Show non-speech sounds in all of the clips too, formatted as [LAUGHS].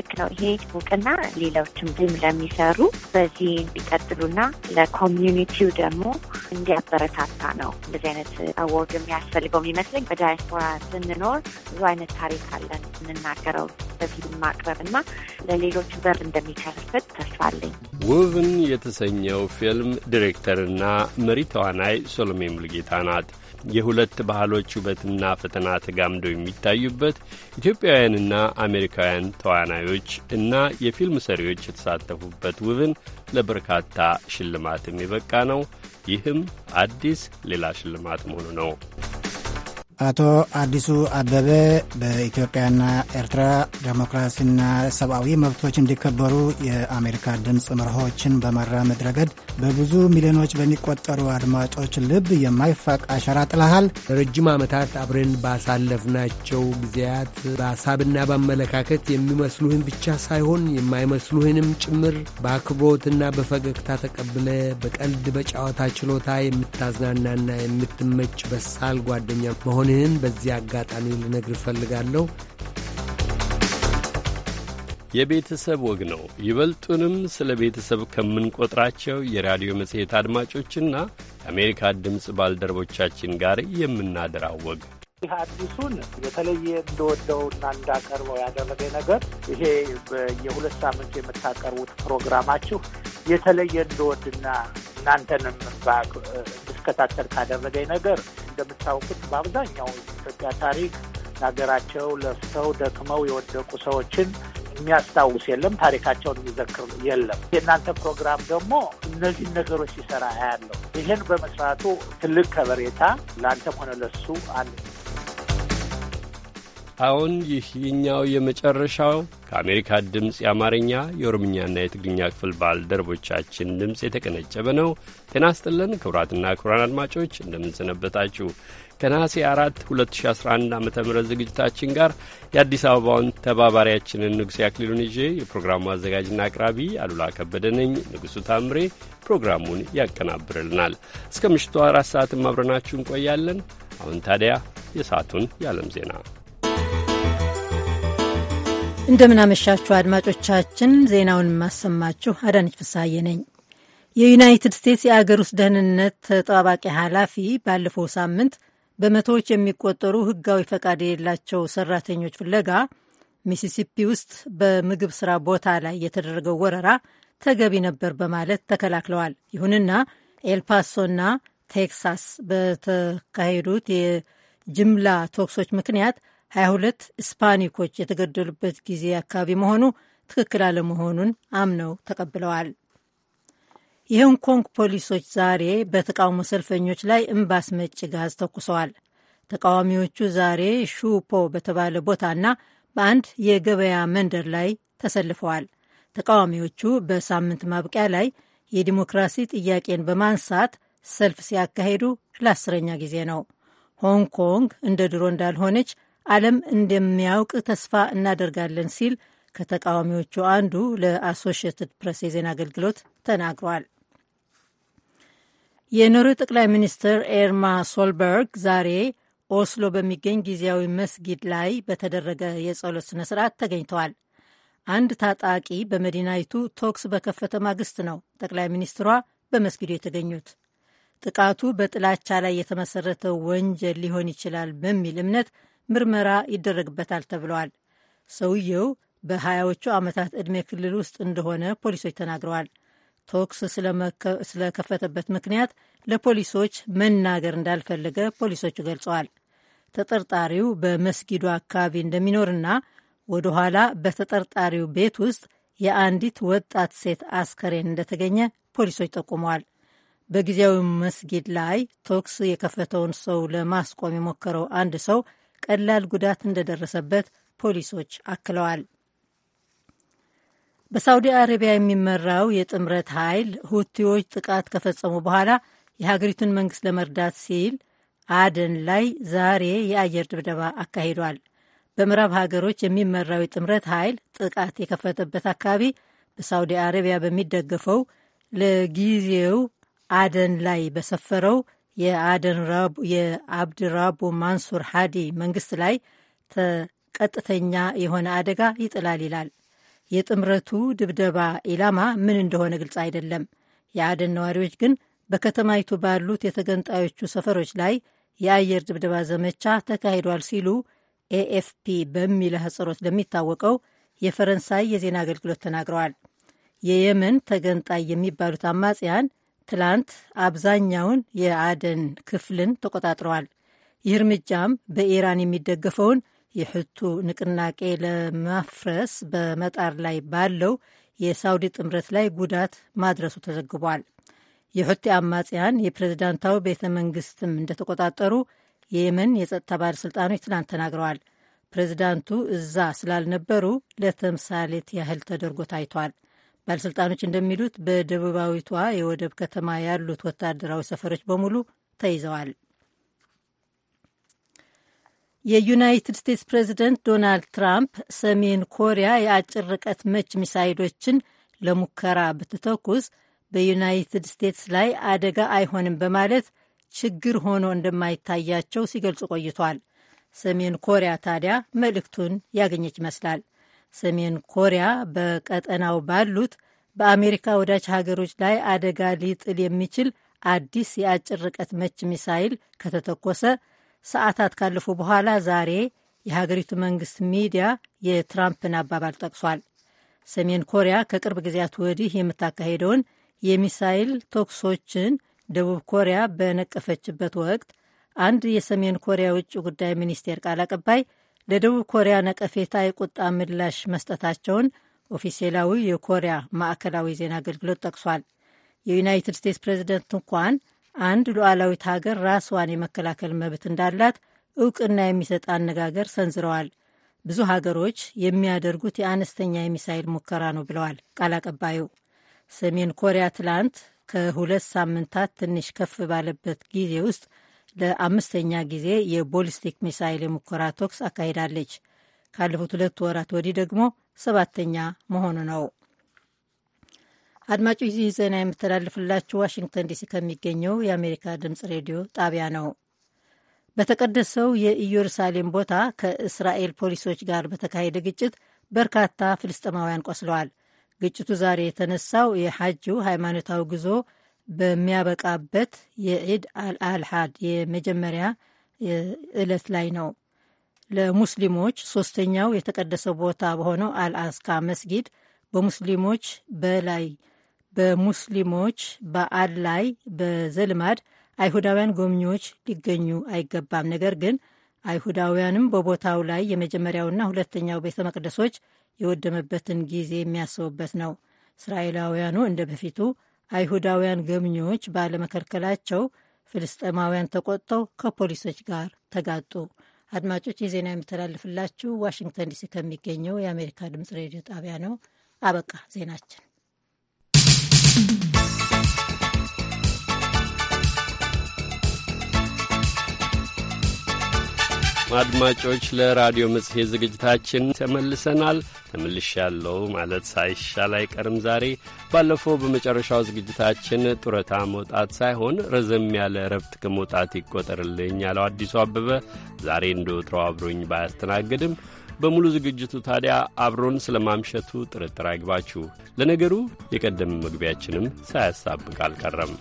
ልክ ነው። ይሄ እውቅና ሌሎችም ቡም ለሚሰሩ በዚህ እንዲቀጥሉና ለኮሚዩኒቲው ደግሞ እንዲያበረታታ ነው እንደዚህ አይነት አዋርድ የሚያስፈልገው የሚመስለኝ። በዳያስፖራ ስንኖር ብዙ አይነት ታሪክ አለን የምናገረው በፊልም ማቅረብ እና ለሌሎች በር እንደሚከፍት ተስፋ አለኝ። ውብን የተሰኘው ፊልም ዲሬክተርና መሪ ተዋናይ ሶሎሜ ሙልጌታ ናት። የሁለት ባህሎች ውበትና ፈተና ተጋምደው የሚታዩበት ኢትዮጵያውያንና አሜሪካውያን ተዋናዮች እና የፊልም ሰሪዎች የተሳተፉበት ውብን ለበርካታ ሽልማትም የበቃ ነው። ይህም አዲስ ሌላ ሽልማት መሆኑ ነው። አቶ አዲሱ አበበ በኢትዮጵያና ኤርትራ ዴሞክራሲና ሰብአዊ መብቶች እንዲከበሩ የአሜሪካ ድምፅ መርሆችን በማራመድ ረገድ በብዙ ሚሊዮኖች በሚቆጠሩ አድማጮች ልብ የማይፋቅ አሻራ ጥለሃል። ለረጅም ዓመታት አብረን ባሳለፍናቸው ጊዜያት በሀሳብና በአመለካከት የሚመስሉህን ብቻ ሳይሆን የማይመስሉህንም ጭምር በአክብሮትና በፈገግታ ተቀብለ በቀልድ በጨዋታ ችሎታ የምታዝናናና የምትመች በሳል ጓደኛ መሆን ግን በዚህ አጋጣሚ ልነግር እፈልጋለሁ የቤተሰብ ወግ ነው። ይበልጡንም ስለ ቤተሰብ ከምንቆጥራቸው የራዲዮ መጽሔት አድማጮችና የአሜሪካ ድምፅ ባልደረቦቻችን ጋር የምናደራው ወግ ይህ አዲሱን የተለየ እንደወደውና እንዳቀርበው ያደረገ ነገር ይሄ የሁለት ሳምንት የምታቀርቡት ፕሮግራማችሁ የተለየ እንደወድና እናንተንም እንድስከታተል ካደረገኝ ነገር እንደምታውቁት በአብዛኛው ኢትዮጵያ ታሪክ ለሀገራቸው ለፍተው ደክመው የወደቁ ሰዎችን የሚያስታውስ የለም። ታሪካቸውን የሚዘክር የለም። የእናንተ ፕሮግራም ደግሞ እነዚህን ነገሮች ሲሰራ ያለው ይህን በመስራቱ ትልቅ ከበሬታ ለአንተም ሆነ ለሱ አንድ አሁን ይህ የኛው የመጨረሻው ከአሜሪካ ድምፅ የአማርኛ የኦሮምኛና የትግርኛ ክፍል ባልደረቦቻችን ድምፅ የተቀነጨበ ነው። ጤና ስጥልን ክቡራትና ክቡራን አድማጮች እንደምንሰነበታችሁ። ከነሐሴ አራት 2011 ዓ ም ዝግጅታችን ጋር የአዲስ አበባውን ተባባሪያችንን ንጉሴ አክሊሉን ይዤ የፕሮግራሙ አዘጋጅና አቅራቢ አሉላ ከበደ ነኝ። ንጉሱ ታምሬ ፕሮግራሙን ያቀናብርልናል። እስከ ምሽቱ አራት ሰዓትም አብረናችሁ እንቆያለን። አሁን ታዲያ የሰዓቱን የዓለም ዜና እንደምናመሻችሁ አድማጮቻችን፣ ዜናውን የማሰማችሁ አዳነች ፍሳሐዬ ነኝ። የዩናይትድ ስቴትስ የአገር ውስጥ ደህንነት ተጠባባቂ ኃላፊ ባለፈው ሳምንት በመቶዎች የሚቆጠሩ ህጋዊ ፈቃድ የሌላቸው ሰራተኞች ፍለጋ ሚሲሲፒ ውስጥ በምግብ ስራ ቦታ ላይ የተደረገው ወረራ ተገቢ ነበር በማለት ተከላክለዋል። ይሁንና ኤልፓሶና ቴክሳስ በተካሄዱት የጅምላ ተኩሶች ምክንያት 22 ስፓኒኮች የተገደሉበት ጊዜ አካባቢ መሆኑ ትክክል አለመሆኑን አምነው ተቀብለዋል። የሆንኮንግ ፖሊሶች ዛሬ በተቃውሞ ሰልፈኞች ላይ እምባስ መጭ ጋዝ ተኩሰዋል። ተቃዋሚዎቹ ዛሬ ሹፖ በተባለ ቦታና በአንድ የገበያ መንደር ላይ ተሰልፈዋል። ተቃዋሚዎቹ በሳምንት ማብቂያ ላይ የዲሞክራሲ ጥያቄን በማንሳት ሰልፍ ሲያካሂዱ ለአስረኛ ጊዜ ነው። ሆንግ ኮንግ እንደ ድሮ እንዳልሆነች ዓለም እንደሚያውቅ ተስፋ እናደርጋለን ሲል ከተቃዋሚዎቹ አንዱ ለአሶሺየትድ ፕሬስ የዜና አገልግሎት ተናግሯል። የኖርዌይ ጠቅላይ ሚኒስትር ኤርማ ሶልበርግ ዛሬ ኦስሎ በሚገኝ ጊዜያዊ መስጊድ ላይ በተደረገ የጸሎት ስነ ስርዓት ተገኝተዋል። አንድ ታጣቂ በመዲናይቱ ቶክስ በከፈተ ማግስት ነው ጠቅላይ ሚኒስትሯ በመስጊዱ የተገኙት። ጥቃቱ በጥላቻ ላይ የተመሰረተ ወንጀል ሊሆን ይችላል በሚል እምነት ምርመራ ይደረግበታል ተብለዋል። ሰውየው በሀያዎቹ ዓመታት ዕድሜ ክልል ውስጥ እንደሆነ ፖሊሶች ተናግረዋል። ቶክስ ስለከፈተበት ምክንያት ለፖሊሶች መናገር እንዳልፈለገ ፖሊሶቹ ገልጸዋል። ተጠርጣሪው በመስጊዱ አካባቢ እንደሚኖርና ወደ ኋላ በተጠርጣሪው ቤት ውስጥ የአንዲት ወጣት ሴት አስከሬን እንደተገኘ ፖሊሶች ጠቁመዋል። በጊዜያዊ መስጊድ ላይ ቶክስ የከፈተውን ሰው ለማስቆም የሞከረው አንድ ሰው ቀላል ጉዳት እንደደረሰበት ፖሊሶች አክለዋል። በሳውዲ አረቢያ የሚመራው የጥምረት ኃይል ሁቲዎች ጥቃት ከፈጸሙ በኋላ የሀገሪቱን መንግስት ለመርዳት ሲል አደን ላይ ዛሬ የአየር ድብደባ አካሂዷል። በምዕራብ ሀገሮች የሚመራው የጥምረት ኃይል ጥቃት የከፈተበት አካባቢ በሳውዲ አረቢያ በሚደገፈው ለጊዜው አደን ላይ በሰፈረው የአብድራቡ ማንሱር ሃዲ መንግስት ላይ ቀጥተኛ የሆነ አደጋ ይጥላል ይላል። የጥምረቱ ድብደባ ኢላማ ምን እንደሆነ ግልጽ አይደለም። የአደን ነዋሪዎች ግን በከተማይቱ ባሉት የተገንጣዮቹ ሰፈሮች ላይ የአየር ድብደባ ዘመቻ ተካሂዷል ሲሉ ኤኤፍፒ በሚል ህጽሮት ለሚታወቀው የፈረንሳይ የዜና አገልግሎት ተናግረዋል። የየመን ተገንጣይ የሚባሉት አማጽያን ትላንት አብዛኛውን የአደን ክፍልን ተቆጣጥረዋል። ይህ እርምጃም በኢራን የሚደገፈውን የሕቱ ንቅናቄ ለማፍረስ በመጣር ላይ ባለው የሳውዲ ጥምረት ላይ ጉዳት ማድረሱ ተዘግቧል። የሑቲ አማጽያን የፕሬዝዳንታዊ ቤተ መንግስትም እንደተቆጣጠሩ የየመን የጸጥታ ባለሥልጣኖች ትናንት ተናግረዋል። ፕሬዝዳንቱ እዛ ስላልነበሩ ለተምሳሌት ያህል ተደርጎ ታይቷል። ባለሥልጣኖች እንደሚሉት በደቡባዊቷ የወደብ ከተማ ያሉት ወታደራዊ ሰፈሮች በሙሉ ተይዘዋል። የዩናይትድ ስቴትስ ፕሬዚደንት ዶናልድ ትራምፕ ሰሜን ኮሪያ የአጭር ርቀት መች ሚሳይሎችን ለሙከራ ብትተኩስ በዩናይትድ ስቴትስ ላይ አደጋ አይሆንም በማለት ችግር ሆኖ እንደማይታያቸው ሲገልጹ ቆይቷል። ሰሜን ኮሪያ ታዲያ መልእክቱን ያገኘች ይመስላል። ሰሜን ኮሪያ በቀጠናው ባሉት በአሜሪካ ወዳጅ ሀገሮች ላይ አደጋ ሊጥል የሚችል አዲስ የአጭር ርቀት መች ሚሳይል ከተተኮሰ ሰዓታት ካለፉ በኋላ ዛሬ የሀገሪቱ መንግስት ሚዲያ የትራምፕን አባባል ጠቅሷል። ሰሜን ኮሪያ ከቅርብ ጊዜያት ወዲህ የምታካሄደውን የሚሳይል ተኩሶችን ደቡብ ኮሪያ በነቀፈችበት ወቅት አንድ የሰሜን ኮሪያ ውጭ ጉዳይ ሚኒስቴር ቃል አቀባይ ለደቡብ ኮሪያ ነቀፌታ የቁጣ ምላሽ መስጠታቸውን ኦፊሴላዊ የኮሪያ ማዕከላዊ ዜና አገልግሎት ጠቅሷል። የዩናይትድ ስቴትስ ፕሬዚደንት እንኳን አንድ ሉዓላዊት ሀገር ራስዋን የመከላከል መብት እንዳላት እውቅና የሚሰጥ አነጋገር ሰንዝረዋል። ብዙ ሀገሮች የሚያደርጉት የአነስተኛ የሚሳይል ሙከራ ነው ብለዋል ቃል አቀባዩ። ሰሜን ኮሪያ ትላንት ከሁለት ሳምንታት ትንሽ ከፍ ባለበት ጊዜ ውስጥ ለአምስተኛ ጊዜ የቦሊስቲክ ሚሳይል የሙከራ ተኩስ አካሂዳለች። ካለፉት ሁለት ወራት ወዲህ ደግሞ ሰባተኛ መሆኑ ነው። አድማጮች፣ ይህ ዜና የምተላልፍላችሁ ዋሽንግተን ዲሲ ከሚገኘው የአሜሪካ ድምፅ ሬዲዮ ጣቢያ ነው። በተቀደሰው የኢየሩሳሌም ቦታ ከእስራኤል ፖሊሶች ጋር በተካሄደ ግጭት በርካታ ፍልስጥማውያን ቆስለዋል። ግጭቱ ዛሬ የተነሳው የሐጁ ሃይማኖታዊ ጉዞ በሚያበቃበት የዒድ አልአልሓድ የመጀመሪያ ዕለት ላይ ነው። ለሙስሊሞች ሶስተኛው የተቀደሰ ቦታ በሆነው አልአስካ መስጊድ በሙስሊሞች በላይ በሙስሊሞች በዓል ላይ በዘልማድ አይሁዳውያን ጎብኚዎች ሊገኙ አይገባም። ነገር ግን አይሁዳውያንም በቦታው ላይ የመጀመሪያውና ሁለተኛው ቤተ መቅደሶች የወደመበትን ጊዜ የሚያስቡበት ነው። እስራኤላውያኑ እንደ በፊቱ አይሁዳውያን ገምኞች ባለመከልከላቸው ፍልስጤማውያን ተቆጥተው ከፖሊሶች ጋር ተጋጡ። አድማጮች ይህ ዜና የሚተላለፍላችሁ ዋሽንግተን ዲሲ ከሚገኘው የአሜሪካ ድምጽ ሬዲዮ ጣቢያ ነው። አበቃ ዜናችን። አድማጮች ለራዲዮ መጽሔት ዝግጅታችን ተመልሰናል። ተመልሽ ያለው ማለት ሳይሻል አይቀርም። ዛሬ ባለፈው በመጨረሻው ዝግጅታችን ጡረታ መውጣት ሳይሆን ረዘም ያለ እረፍት ከመውጣት ይቆጠርልኝ ያለው አዲሱ አበበ ዛሬ እንደ ወትሮው አብሮኝ ባያስተናግድም በሙሉ ዝግጅቱ ታዲያ አብሮን ስለ ማምሸቱ ጥርጥር አይግባችሁ። ለነገሩ የቀደመ መግቢያችንም ሳያሳብቅ አልቀረም።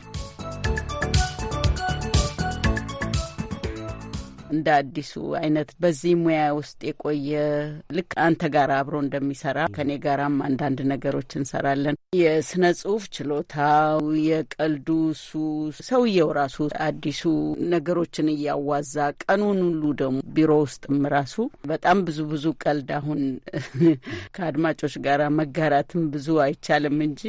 እንደ አዲሱ አይነት በዚህ ሙያ ውስጥ የቆየ ልክ አንተ ጋር አብሮ እንደሚሰራ ከኔ ጋራም አንዳንድ ነገሮች እንሰራለን። የስነ ጽሁፍ ችሎታው የቀልዱ ሱ ሰውየው ራሱ አዲሱ ነገሮችን እያዋዛ ቀኑን ሁሉ ደግሞ ቢሮ ውስጥም ራሱ በጣም ብዙ ብዙ ቀልድ አሁን [LAUGHS] ከአድማጮች ጋር መጋራትም ብዙ አይቻልም እንጂ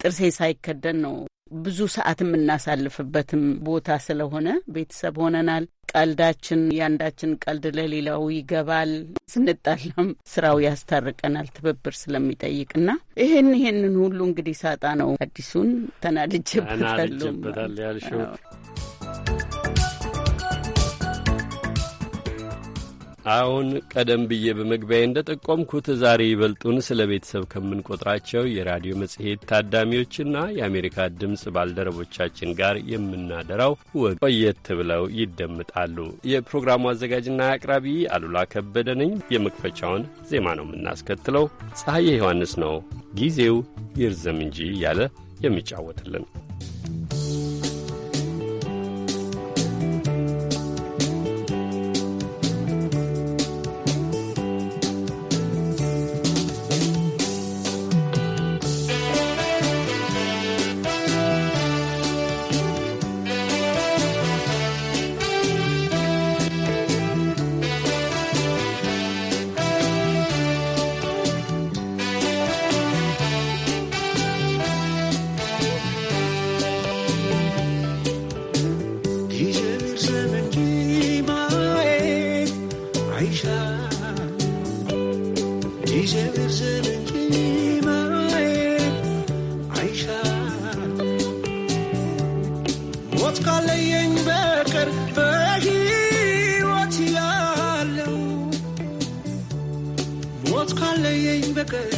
ጥርሴ ሳይከደን ነው ብዙ ሰዓት የምናሳልፍበትም ቦታ ስለሆነ ቤተሰብ ሆነናል። ቀልዳችን ያንዳችን ቀልድ ለሌላው ይገባል። ስንጣላም ስራው ያስታርቀናል ትብብር ስለሚጠይቅና ይህን ይህንን ሁሉ እንግዲህ ሳጣ ነው አዲሱን ተናድጄበታለሁ። አሁን ቀደም ብዬ በመግቢያ እንደ ጠቆምኩት ዛሬ ይበልጡን ስለ ቤተሰብ ከምንቆጥራቸው የራዲዮ መጽሔት ታዳሚዎችና የአሜሪካ ድምፅ ባልደረቦቻችን ጋር የምናደራው ወግ ቆየት ብለው ይደምጣሉ። የፕሮግራሙ አዘጋጅና አቅራቢ አሉላ ከበደ ነኝ። የመክፈቻውን ዜማ ነው የምናስከትለው። ፀሐዬ ዮሐንስ ነው ጊዜው ይርዘም እንጂ እያለ የሚጫወትልን ሞት ካለየኝ በቀር በሕይወት ያለው ሞት ካለየኝ በቀር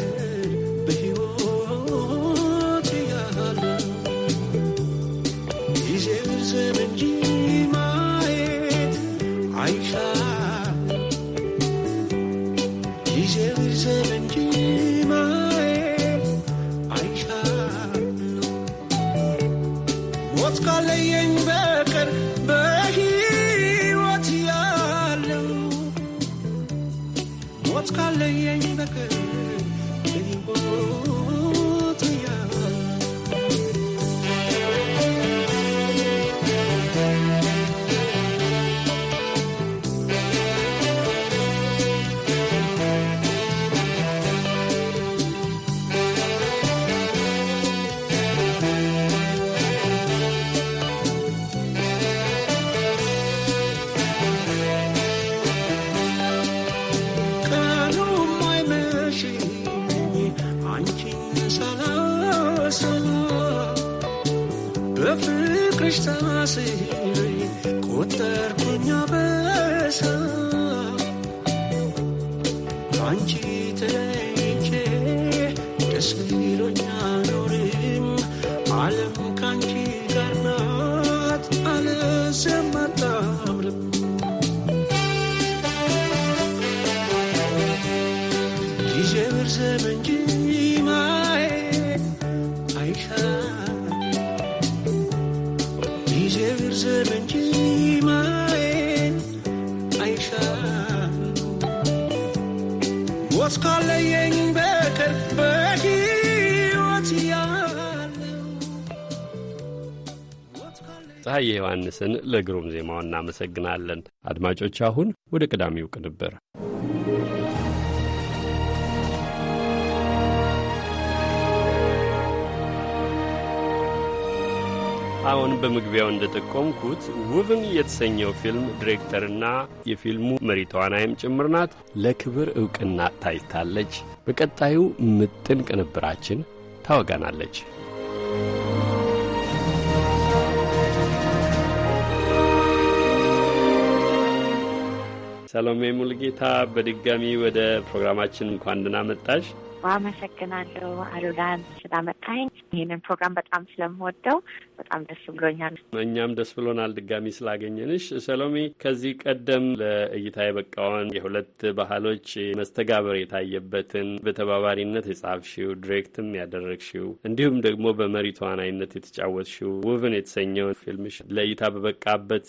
I'll ፀሐይ ዮሐንስን ለግሩም ዜማው እናመሰግናለን። አድማጮች አሁን ወደ ቀዳሚው ቅንብር አሁን በመግቢያው እንደጠቆምኩት ውብን የተሰኘው ፊልም ዲሬክተርና የፊልሙ መሪ ተዋናይም ጭምር ናት። ለክብር ዕውቅና ታይታለች። በቀጣዩ ምጥን ቅንብራችን ታወጋናለች። ሰሎሜ ሙልጌታ በድጋሚ ወደ ፕሮግራማችን እንኳን ደህና መጣሽ። አመሰግናለሁ አሉላን ስላመጣኝ። ይህንን ፕሮግራም በጣም ስለምወደው በጣም ደስ ብሎኛል። እኛም ደስ ብሎናል ድጋሚ ስላገኘንሽ። ሰሎሜ ከዚህ ቀደም ለእይታ የበቃውን የሁለት ባህሎች መስተጋበር የታየበትን በተባባሪነት የጻፍሽው ድሬክትም ያደረግሽው እንዲሁም ደግሞ በመሪ ተዋናይነት የተጫወትሽው ውብን የተሰኘውን ፊልምሽ ለእይታ በበቃበት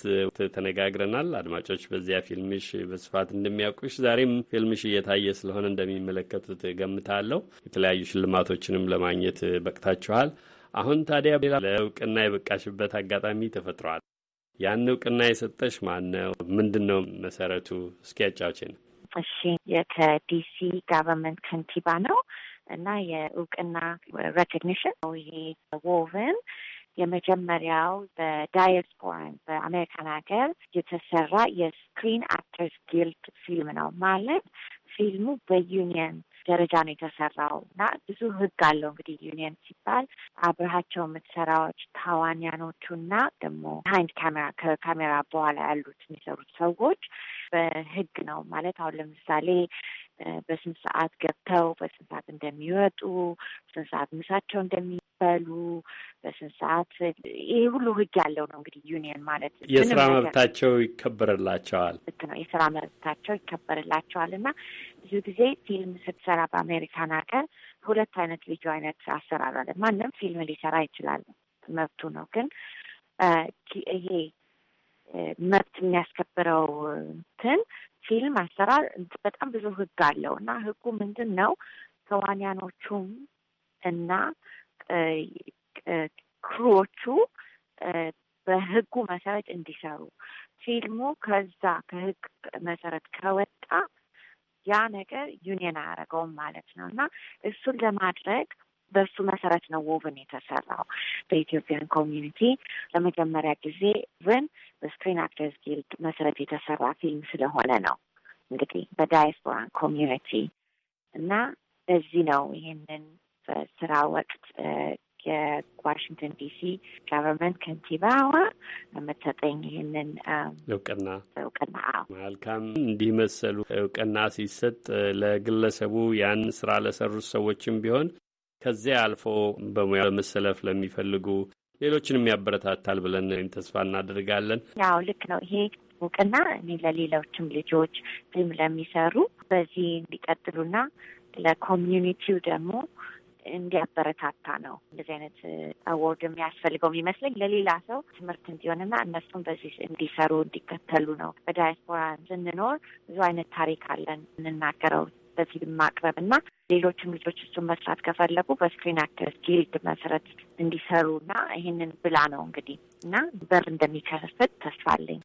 ተነጋግረናል። አድማጮች በዚያ ፊልምሽ በስፋት እንደሚያውቁሽ ዛሬም ፊልምሽ እየታየ ስለሆነ እንደሚመለከቱት ገምታለሁ። የተለያዩ ሽልማቶችንም ለማግኘት በቅታችኋል። አሁን ታዲያ ሌላ ለእውቅና የበቃሽበት አጋጣሚ ተፈጥሯል። ያን እውቅና የሰጠሽ ማን ነው? ምንድን ነው መሰረቱ? እስኪ ያጫውችን። እሺ ከዲሲ ጋቨርንመንት ከንቲባ ነው እና የእውቅና ሬኮግኒሽን ነው ይሄ ዎቨን የመጀመሪያው በዳያስፖራን በአሜሪካን ሀገር የተሰራ የስክሪን አክተርስ ጊልድ ፊልም ነው ማለት ፊልሙ በዩኒየን ደረጃ ነው የተሰራው እና ብዙ ህግ አለው እንግዲህ ዩኒየን ሲባል አብረሃቸው የምትሰራዎች ታዋንያኖቹ እና ደግሞ ሀይንድ ካሜራ ከካሜራ በኋላ ያሉት የሚሰሩት ሰዎች በህግ ነው ማለት አሁን ለምሳሌ በስንት ሰዓት ገብተው በስንት ሰዓት እንደሚወጡ፣ ስንት ሰዓት ምሳቸው እንደሚ በሉ በስንት ሰዓት ይሄ ሁሉ ህግ ያለው ነው። እንግዲህ ዩኒየን ማለት የስራ መብታቸው ይከበርላቸዋል። ልክ ነው። የስራ መብታቸው ይከበርላቸዋል እና ብዙ ጊዜ ፊልም ስትሰራ በአሜሪካን ሀገር ሁለት አይነት ልዩ አይነት አሰራር አለ። ማንም ፊልም ሊሰራ ይችላል፣ መብቱ ነው። ግን ይሄ መብት የሚያስከብረው እንትን ፊልም አሰራር በጣም ብዙ ህግ አለው እና ህጉ ምንድን ነው? ተዋንያኖቹም እና ክሮቹ በህጉ መሰረት እንዲሰሩ ፊልሙ ከዛ ከህግ መሰረት ከወጣ ያ ነገር ዩኒየን አያደረገውም ማለት ነው እና እሱን ለማድረግ በእሱ መሰረት ነው ውብን የተሰራው። በኢትዮጵያን ኮሚዩኒቲ ለመጀመሪያ ጊዜ ውን በስክሪን አክተርስ ጊልድ መሰረት የተሰራ ፊልም ስለሆነ ነው እንግዲህ በዳያስፖራን ኮሚዩኒቲ እና በዚህ ነው ይህንን በስራ ወቅት የዋሽንግተን ዲሲ ገቨርንመንት ከንቲባዋ የምትሰጠኝ ይህንን እውቅና እውቅና መልካም። እንዲህ መሰሉ እውቅና ሲሰጥ ለግለሰቡ ያን ስራ ለሰሩት ሰዎችም ቢሆን ከዚያ አልፎ በሙያ ለመሰለፍ ለሚፈልጉ ሌሎችንም ያበረታታል ብለን ወይም ተስፋ እናደርጋለን። ያው ልክ ነው ይሄ እውቅና እኔ ለሌሎችም ልጆች ዝም ለሚሰሩ በዚህ እንዲቀጥሉና ለኮሚዩኒቲው ደግሞ እንዲያበረታታ ነው እንደዚህ አይነት አዋርድ የሚያስፈልገው የሚመስለኝ ለሌላ ሰው ትምህርት እንዲሆንና እነሱም በዚህ እንዲሰሩ እንዲከተሉ ነው። በዳያስፖራ ስንኖር ብዙ አይነት ታሪክ አለን የምንናገረው በፊልም ማቅረብ እና ሌሎችም ልጆች እሱን መስራት ከፈለጉ በስክሪን አክተርስ ጊልድ መሰረት እንዲሰሩ እና ይህንን ብላ ነው እንግዲህ እና በር እንደሚከፍት ተስፋ አለኝ።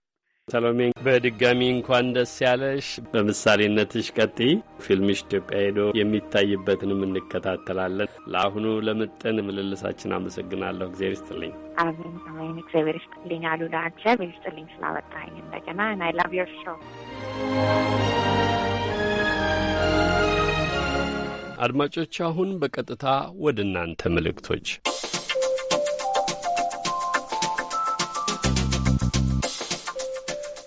ሰሎሜ በድጋሚ እንኳን ደስ ያለሽ። በምሳሌነትሽ ቀጥይ። ፊልምሽ ኢትዮጵያ ሄዶ የሚታይበትንም እንከታተላለን። ለአሁኑ ለምጥን ምልልሳችን አመሰግናለሁ። እግዚአብሔር ይስጥልኝ። አሜን አሜን። እግዚአብሔር ይስጥልኝ አሉላ። እግዚአብሔር ይስጥልኝ ስላመጣኝ እንደገና አይ ላቭ ዮር ሾው። አድማጮች አሁን በቀጥታ ወደ እናንተ መልእክቶች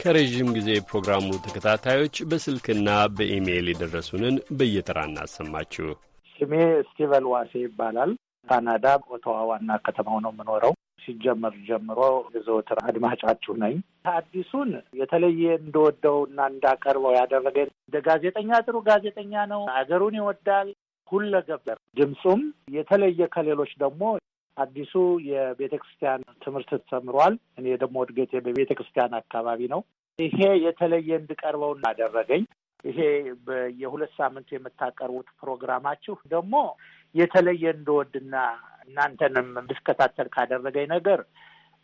ከረዥም ጊዜ ፕሮግራሙ ተከታታዮች በስልክና በኢሜይል የደረሱንን በየተራ እናሰማችሁ። ስሜ ስቲቨን ዋሴ ይባላል። ካናዳ ኦቶዋ ዋና ከተማው ነው የምኖረው። ሲጀመር ጀምሮ የዘወትር አድማጫችሁ ነኝ። አዲሱን የተለየ እንደወደው እና እንዳቀርበው ያደረገ እንደ ጋዜጠኛ ጥሩ ጋዜጠኛ ነው። ሀገሩን ይወዳል። ሁለገብ ድምፁም የተለየ ከሌሎች ደግሞ አዲሱ የቤተ ክርስቲያን ትምህርት ተምሯል። እኔ ደግሞ እድገቴ በቤተ ክርስቲያን አካባቢ ነው። ይሄ የተለየ እንድቀርበው እናደረገኝ። ይሄ የሁለት ሳምንት የምታቀርቡት ፕሮግራማችሁ ደግሞ የተለየ እንደወድና እናንተንም እንድትከታተል ካደረገኝ ነገር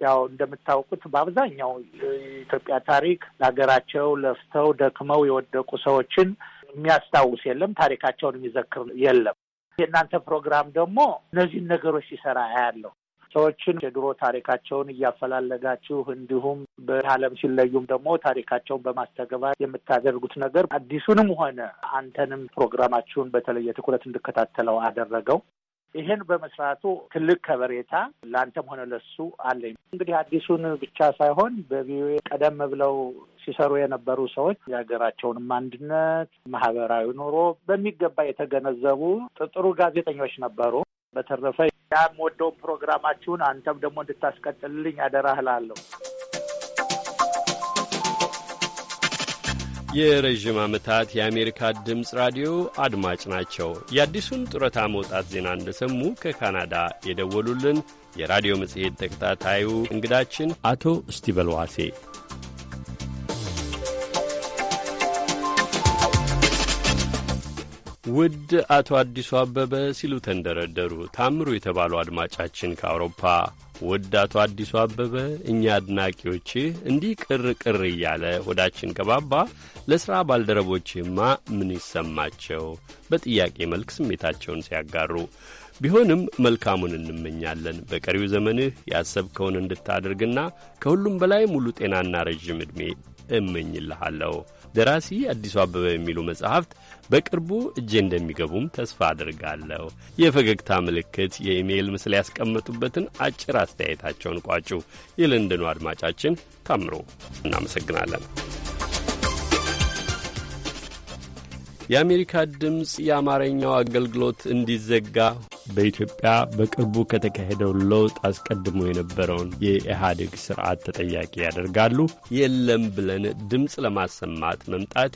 ያው እንደምታውቁት በአብዛኛው የኢትዮጵያ ታሪክ ለሀገራቸው ለፍተው ደክመው የወደቁ ሰዎችን የሚያስታውስ የለም። ታሪካቸውን የሚዘክር የለም። የእናንተ ፕሮግራም ደግሞ እነዚህን ነገሮች ሲሰራ ያለው ሰዎችን የድሮ ታሪካቸውን እያፈላለጋችሁ እንዲሁም በዓለም ሲለዩም ደግሞ ታሪካቸውን በማስተገባት የምታደርጉት ነገር አዲሱንም ሆነ አንተንም ፕሮግራማችሁን በተለየ ትኩረት እንድከታተለው አደረገው። ይህን በመስራቱ ትልቅ ከበሬታ ለአንተም ሆነ ለሱ አለኝ። እንግዲህ አዲሱን ብቻ ሳይሆን በቪኦኤ ቀደም ብለው ሲሰሩ የነበሩ ሰዎች የሀገራቸውንም አንድነት፣ ማህበራዊ ኑሮ በሚገባ የተገነዘቡ ጥሩ ጋዜጠኞች ነበሩ። በተረፈ ያም ወደውን ፕሮግራማችሁን አንተም ደግሞ እንድታስቀጥልልኝ አደራህላለሁ። የረዥም ዓመታት የአሜሪካ ድምፅ ራዲዮ አድማጭ ናቸው። የአዲሱን ጡረታ መውጣት ዜና እንደሰሙ ከካናዳ የደወሉልን የራዲዮ መጽሔት ተከታታዩ እንግዳችን አቶ ስቲቨል ዋሴ ውድ አቶ አዲሱ አበበ ሲሉ ተንደረደሩ ታምሩ የተባሉ አድማጫችን ከአውሮፓ። ውድ አቶ አዲሱ አበበ እኛ አድናቂዎችህ እንዲህ ቅር ቅር እያለ ሆዳችን ከባባ፣ ለሥራ ባልደረቦችህማ ምን ይሰማቸው? በጥያቄ መልክ ስሜታቸውን ሲያጋሩ ቢሆንም መልካሙን እንመኛለን። በቀሪው ዘመንህ ያሰብከውን እንድታደርግና ከሁሉም በላይ ሙሉ ጤናና ረዥም ዕድሜ እመኝልሃለሁ። ደራሲ አዲሱ አበበ የሚሉ መጽሐፍት በቅርቡ እጄ እንደሚገቡም ተስፋ አድርጋለሁ። የፈገግታ ምልክት የኢሜይል ምስል ያስቀመጡበትን አጭር አስተያየታቸውን ቋጩ። የለንደኑ አድማጫችን ታምሮ እናመሰግናለን። የአሜሪካ ድምፅ የአማርኛው አገልግሎት እንዲዘጋ በኢትዮጵያ በቅርቡ ከተካሄደው ለውጥ አስቀድሞ የነበረውን የኢህአዴግ ስርዓት ተጠያቂ ያደርጋሉ። የለም ብለን ድምፅ ለማሰማት መምጣቴ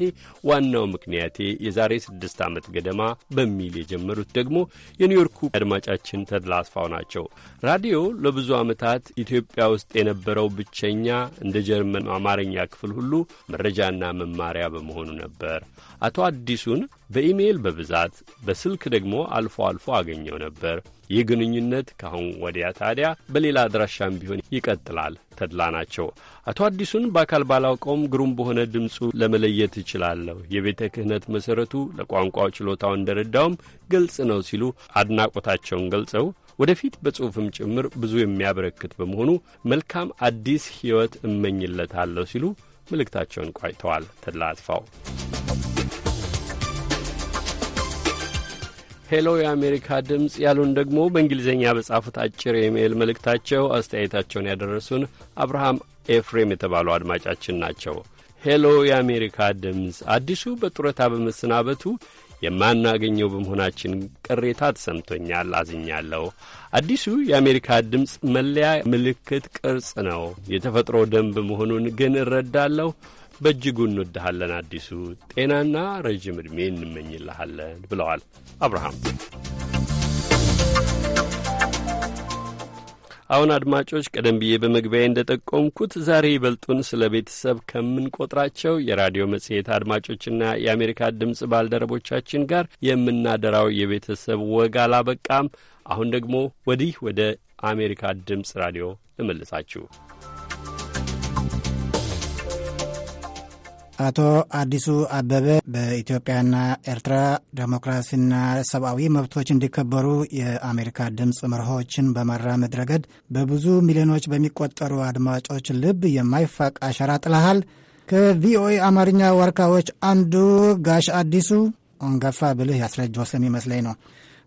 ዋናው ምክንያቴ የዛሬ ስድስት ዓመት ገደማ በሚል የጀመሩት ደግሞ የኒውዮርኩ አድማጫችን ተድላ አስፋው ናቸው። ራዲዮ ለብዙ ዓመታት ኢትዮጵያ ውስጥ የነበረው ብቸኛ እንደ ጀርመን አማርኛ ክፍል ሁሉ መረጃና መማሪያ በመሆኑ ነበር። አቶ አዲሱን በኢሜይል በብዛት በስልክ ደግሞ አልፎ አልፎ አገኘው ነበር። ይህ ግንኙነት ከአሁን ወዲያ ታዲያ በሌላ አድራሻም ቢሆን ይቀጥላል። ተድላ ናቸው። አቶ አዲሱን በአካል ባላውቀውም ግሩም በሆነ ድምፁ ለመለየት እችላለሁ። የቤተ ክህነት መሠረቱ ለቋንቋው ችሎታው እንደረዳውም ግልጽ ነው ሲሉ አድናቆታቸውን ገልጸው ወደፊት በጽሑፍም ጭምር ብዙ የሚያበረክት በመሆኑ መልካም አዲስ ሕይወት እመኝለታለሁ ሲሉ መልእክታቸውን ቋጭተዋል። ተድላ አጥፋው ሄሎ የአሜሪካ ድምፅ ያሉን ደግሞ በእንግሊዝኛ በጻፉት አጭር የኢሜይል መልእክታቸው አስተያየታቸውን ያደረሱን አብርሃም ኤፍሬም የተባሉ አድማጫችን ናቸው። ሄሎ የአሜሪካ ድምፅ፣ አዲሱ በጡረታ በመሰናበቱ የማናገኘው በመሆናችን ቅሬታ ተሰምቶኛል፣ አዝኛለሁ። አዲሱ የአሜሪካ ድምፅ መለያ ምልክት ቅርጽ ነው። የተፈጥሮ ደንብ መሆኑን ግን እረዳለሁ። በእጅጉ እንወድሃለን አዲሱ፣ ጤናና ረዥም ዕድሜ እንመኝልሃለን ብለዋል አብርሃም። አሁን አድማጮች፣ ቀደም ብዬ በመግቢያ እንደጠቆምኩት ዛሬ ይበልጡን ስለ ቤተሰብ ከምንቆጥራቸው የራዲዮ መጽሔት አድማጮችና የአሜሪካ ድምፅ ባልደረቦቻችን ጋር የምናደራው የቤተሰብ ወግ አላበቃም። አሁን ደግሞ ወዲህ ወደ አሜሪካ ድምፅ ራዲዮ ልመልሳችሁ። አቶ አዲሱ አበበ በኢትዮጵያና ኤርትራ ዴሞክራሲና ሰብአዊ መብቶች እንዲከበሩ የአሜሪካ ድምፅ መርሆችን በማራመድ ረገድ በብዙ ሚሊዮኖች በሚቆጠሩ አድማጮች ልብ የማይፋቅ አሻራ ጥለሃል። ከቪኦኤ አማርኛ ዋርካዎች አንዱ ጋሽ አዲሱ አንጋፋ ብልህ ያስረጅ ወስም ይመስለኝ ነው።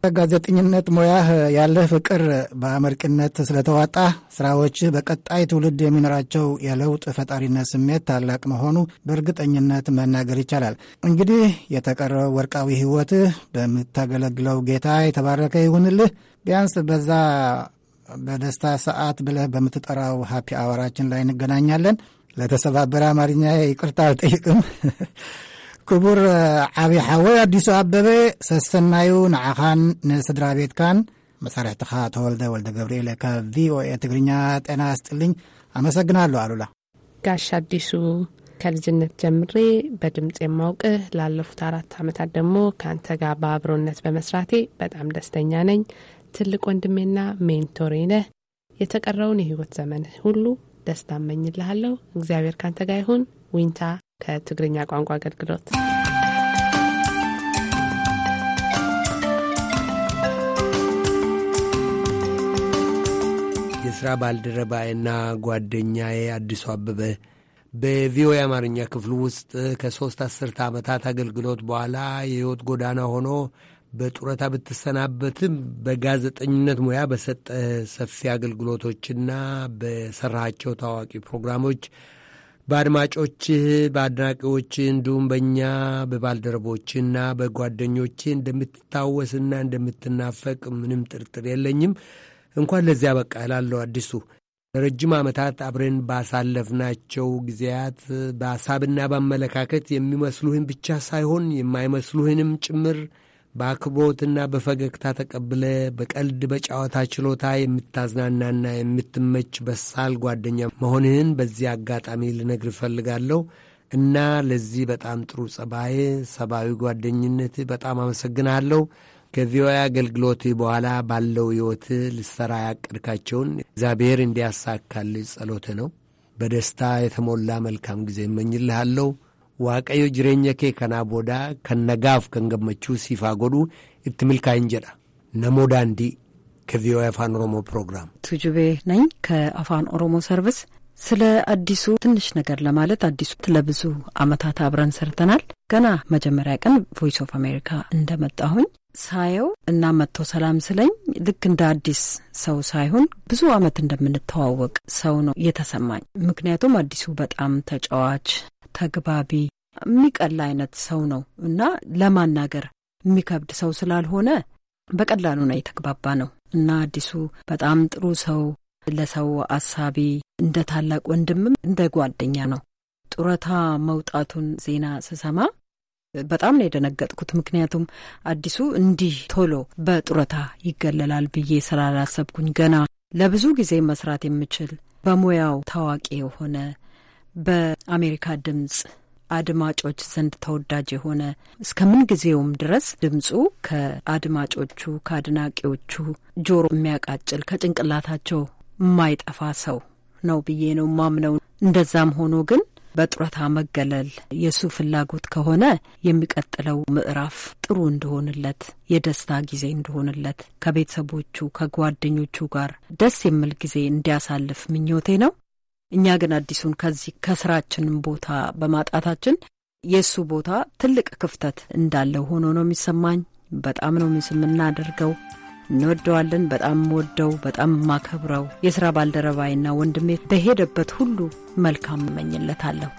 በጋዜጠኝነት ሙያህ ያለህ ፍቅር በአመርቅነት ስለተዋጣ ስራዎችህ በቀጣይ ትውልድ የሚኖራቸው የለውጥ ፈጣሪነት ስሜት ታላቅ መሆኑ በእርግጠኝነት መናገር ይቻላል። እንግዲህ የተቀረው ወርቃዊ ህይወትህ በምታገለግለው ጌታ የተባረከ ይሁንልህ። ቢያንስ በዛ በደስታ ሰዓት ብለህ በምትጠራው ሀፒ አዋራችን ላይ እንገናኛለን። ለተሰባበረ አማርኛ ይቅርታ አልጠይቅም። [LAUGHS] ክቡር ዓብዪ ሓወይ ኣዲሱ ኣበበ ሰስተናዩ ንዓኻን ንስድራ ቤትካን መሳርሕትኻ ተወልደ ወልደ ገብርኤለ ካብ ቪኦኤ ትግርኛ ጤና ስጥልኝ ኣመሰግናለሁ ኣሉላ ጋሽ ኣዲሱ ከልጅነት ጀምሬ በድምፂ የማውቅህ ላለፉት አራት ዓመታት ደግሞ ከአንተ ጋር በአብሮነት በመስራቴ በጣም ደስተኛ ነኝ። ትልቅ ወንድሜና ሜንቶሬ ነህ። የተቀረውን የህይወት ዘመን ሁሉ ደስታ እመኝልሃለሁ። እግዚአብሔር ካንተ ጋር ይሁን። ዊንታ ከትግርኛ ቋንቋ አገልግሎት የሥራ ባልደረባዬና ጓደኛዬ አዲሱ አበበ በቪኦኤ አማርኛ ክፍሉ ውስጥ ከሦስት አስርተ ዓመታት አገልግሎት በኋላ የሕይወት ጎዳና ሆኖ በጡረታ ብትሰናበትም በጋዜጠኝነት ሙያ በሰጠ ሰፊ አገልግሎቶችና በሠራቸው ታዋቂ ፕሮግራሞች በአድማጮችህ በአድናቂዎች እንዲሁም በእኛ በባልደረቦችና በጓደኞች እንደምትታወስና እንደምትናፈቅ ምንም ጥርጥር የለኝም። እንኳን ለዚያ በቃ እላለሁ። አዲሱ ለረጅም ዓመታት አብረን ባሳለፍናቸው ጊዜያት በሐሳብና በአመለካከት የሚመስሉህን ብቻ ሳይሆን የማይመስሉህንም ጭምር በአክብሮትና በፈገግታ ተቀብለ በቀልድ በጨዋታ ችሎታ የምታዝናናና የምትመች በሳል ጓደኛ መሆንህን በዚህ አጋጣሚ ልነግር እፈልጋለሁ እና ለዚህ በጣም ጥሩ ጸባይ፣ ሰብአዊ ጓደኝነት በጣም አመሰግናለሁ። ከቪኦኤ አገልግሎት በኋላ ባለው ሕይወት ልሰራ ያቀድካቸውን እግዚአብሔር እንዲያሳካል ጸሎት ነው። በደስታ የተሞላ መልካም ጊዜ እመኝልሃለሁ። waaqayyo jireenya kee kanaa boodaa kan nagaaf kan gammachuu siifaa godhu itti milkaa'in jedha. Namoo daandii ከቪኦኤ አፋን ኦሮሞ ፕሮግራም ቱጁቤ ነኝ ከአፋን ኦሮሞ ሰርቪስ። ስለ አዲሱ ትንሽ ነገር ለማለት አዲሱ ለብዙ አመታት አብረን ሰርተናል። ገና መጀመሪያ ቀን ቮይስ ኦፍ አሜሪካ እንደመጣሁኝ ሳየው እና መጥቶ ሰላም ስለኝ ልክ እንደ አዲስ ሰው ሳይሆን ብዙ ዓመት እንደምንተዋወቅ ሰው ነው የተሰማኝ። ምክንያቱም አዲሱ በጣም ተጫዋች ተግባቢ፣ የሚቀል አይነት ሰው ነው እና ለማናገር የሚከብድ ሰው ስላልሆነ በቀላሉ ነው የተግባባ ነው እና አዲሱ በጣም ጥሩ ሰው፣ ለሰው አሳቢ፣ እንደ ታላቅ ወንድምም እንደ ጓደኛ ነው። ጡረታ መውጣቱን ዜና ስሰማ በጣም ነው የደነገጥኩት። ምክንያቱም አዲሱ እንዲህ ቶሎ በጡረታ ይገለላል ብዬ ስላላሰብኩኝ ገና ለብዙ ጊዜ መስራት የምችል በሙያው ታዋቂ የሆነ በአሜሪካ ድምጽ አድማጮች ዘንድ ተወዳጅ የሆነ እስከምን ጊዜውም ድረስ ድምፁ ከአድማጮቹ ከአድናቂዎቹ ጆሮ የሚያቃጭል ከጭንቅላታቸው የማይጠፋ ሰው ነው ብዬ ነው ማምነው። እንደዛም ሆኖ ግን በጡረታ መገለል የሱ ፍላጎት ከሆነ የሚቀጥለው ምዕራፍ ጥሩ እንደሆንለት የደስታ ጊዜ እንደሆንለት ከቤተሰቦቹ ከጓደኞቹ ጋር ደስ የሚል ጊዜ እንዲያሳልፍ ምኞቴ ነው። እኛ ግን አዲሱን ከዚህ ከስራችንም ቦታ በማጣታችን የእሱ ቦታ ትልቅ ክፍተት እንዳለው ሆኖ ነው የሚሰማኝ። በጣም ነው ሚስ የምናደርገው፣ እንወደዋለን። በጣም ወደው በጣም ማከብረው የስራ ባልደረባይና ወንድሜ በሄደበት ሁሉ መልካም እመኝለታለሁ።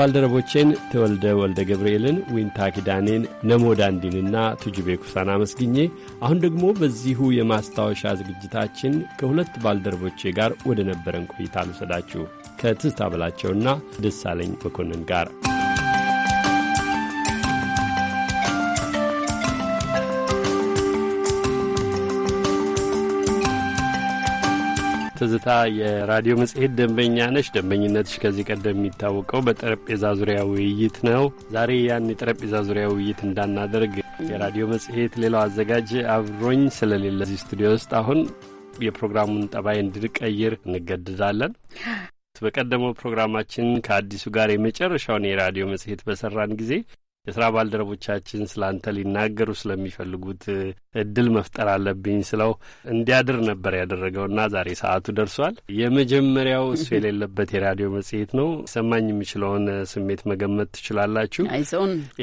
ባልደረቦቼን ተወልደ ወልደ ገብርኤልን፣ ዊንታ ኪዳኔን፣ ነሞ ዳንዲንና ቱጅቤ ኩሳን አመስግኜ አሁን ደግሞ በዚሁ የማስታወሻ ዝግጅታችን ከሁለት ባልደረቦቼ ጋር ወደ ነበረን ቆይታ ልውሰዳችሁ ከትዝታ በላቸውና ደሳለኝ መኮንን ጋር ትዝታ የራዲዮ መጽሔት ደንበኛ ነች። ደንበኝነትሽ ከዚህ ቀደም የሚታወቀው በጠረጴዛ ዙሪያ ውይይት ነው። ዛሬ ያን የጠረጴዛ ዙሪያ ውይይት እንዳናደርግ የራዲዮ መጽሔት ሌላው አዘጋጅ አብሮኝ ስለሌለ እዚህ ስቱዲዮ ውስጥ አሁን የፕሮግራሙን ጠባይ እንድንቀይር እንገድዳለን። በቀደመው ፕሮግራማችን ከአዲሱ ጋር የመጨረሻውን የራዲዮ መጽሔት በሰራን ጊዜ የስራ ባልደረቦቻችን አንተ ሊናገሩ ስለሚፈልጉት እድል መፍጠር አለብኝ ስለው እንዲያድር ነበር ያደረገው እና ዛሬ ሰዓቱ ደርሷል። የመጀመሪያው እሱ የሌለበት የራዲዮ መጽሔት ነው። ሰማኝ የሚችለውን ስሜት መገመት ትችላላችሁ።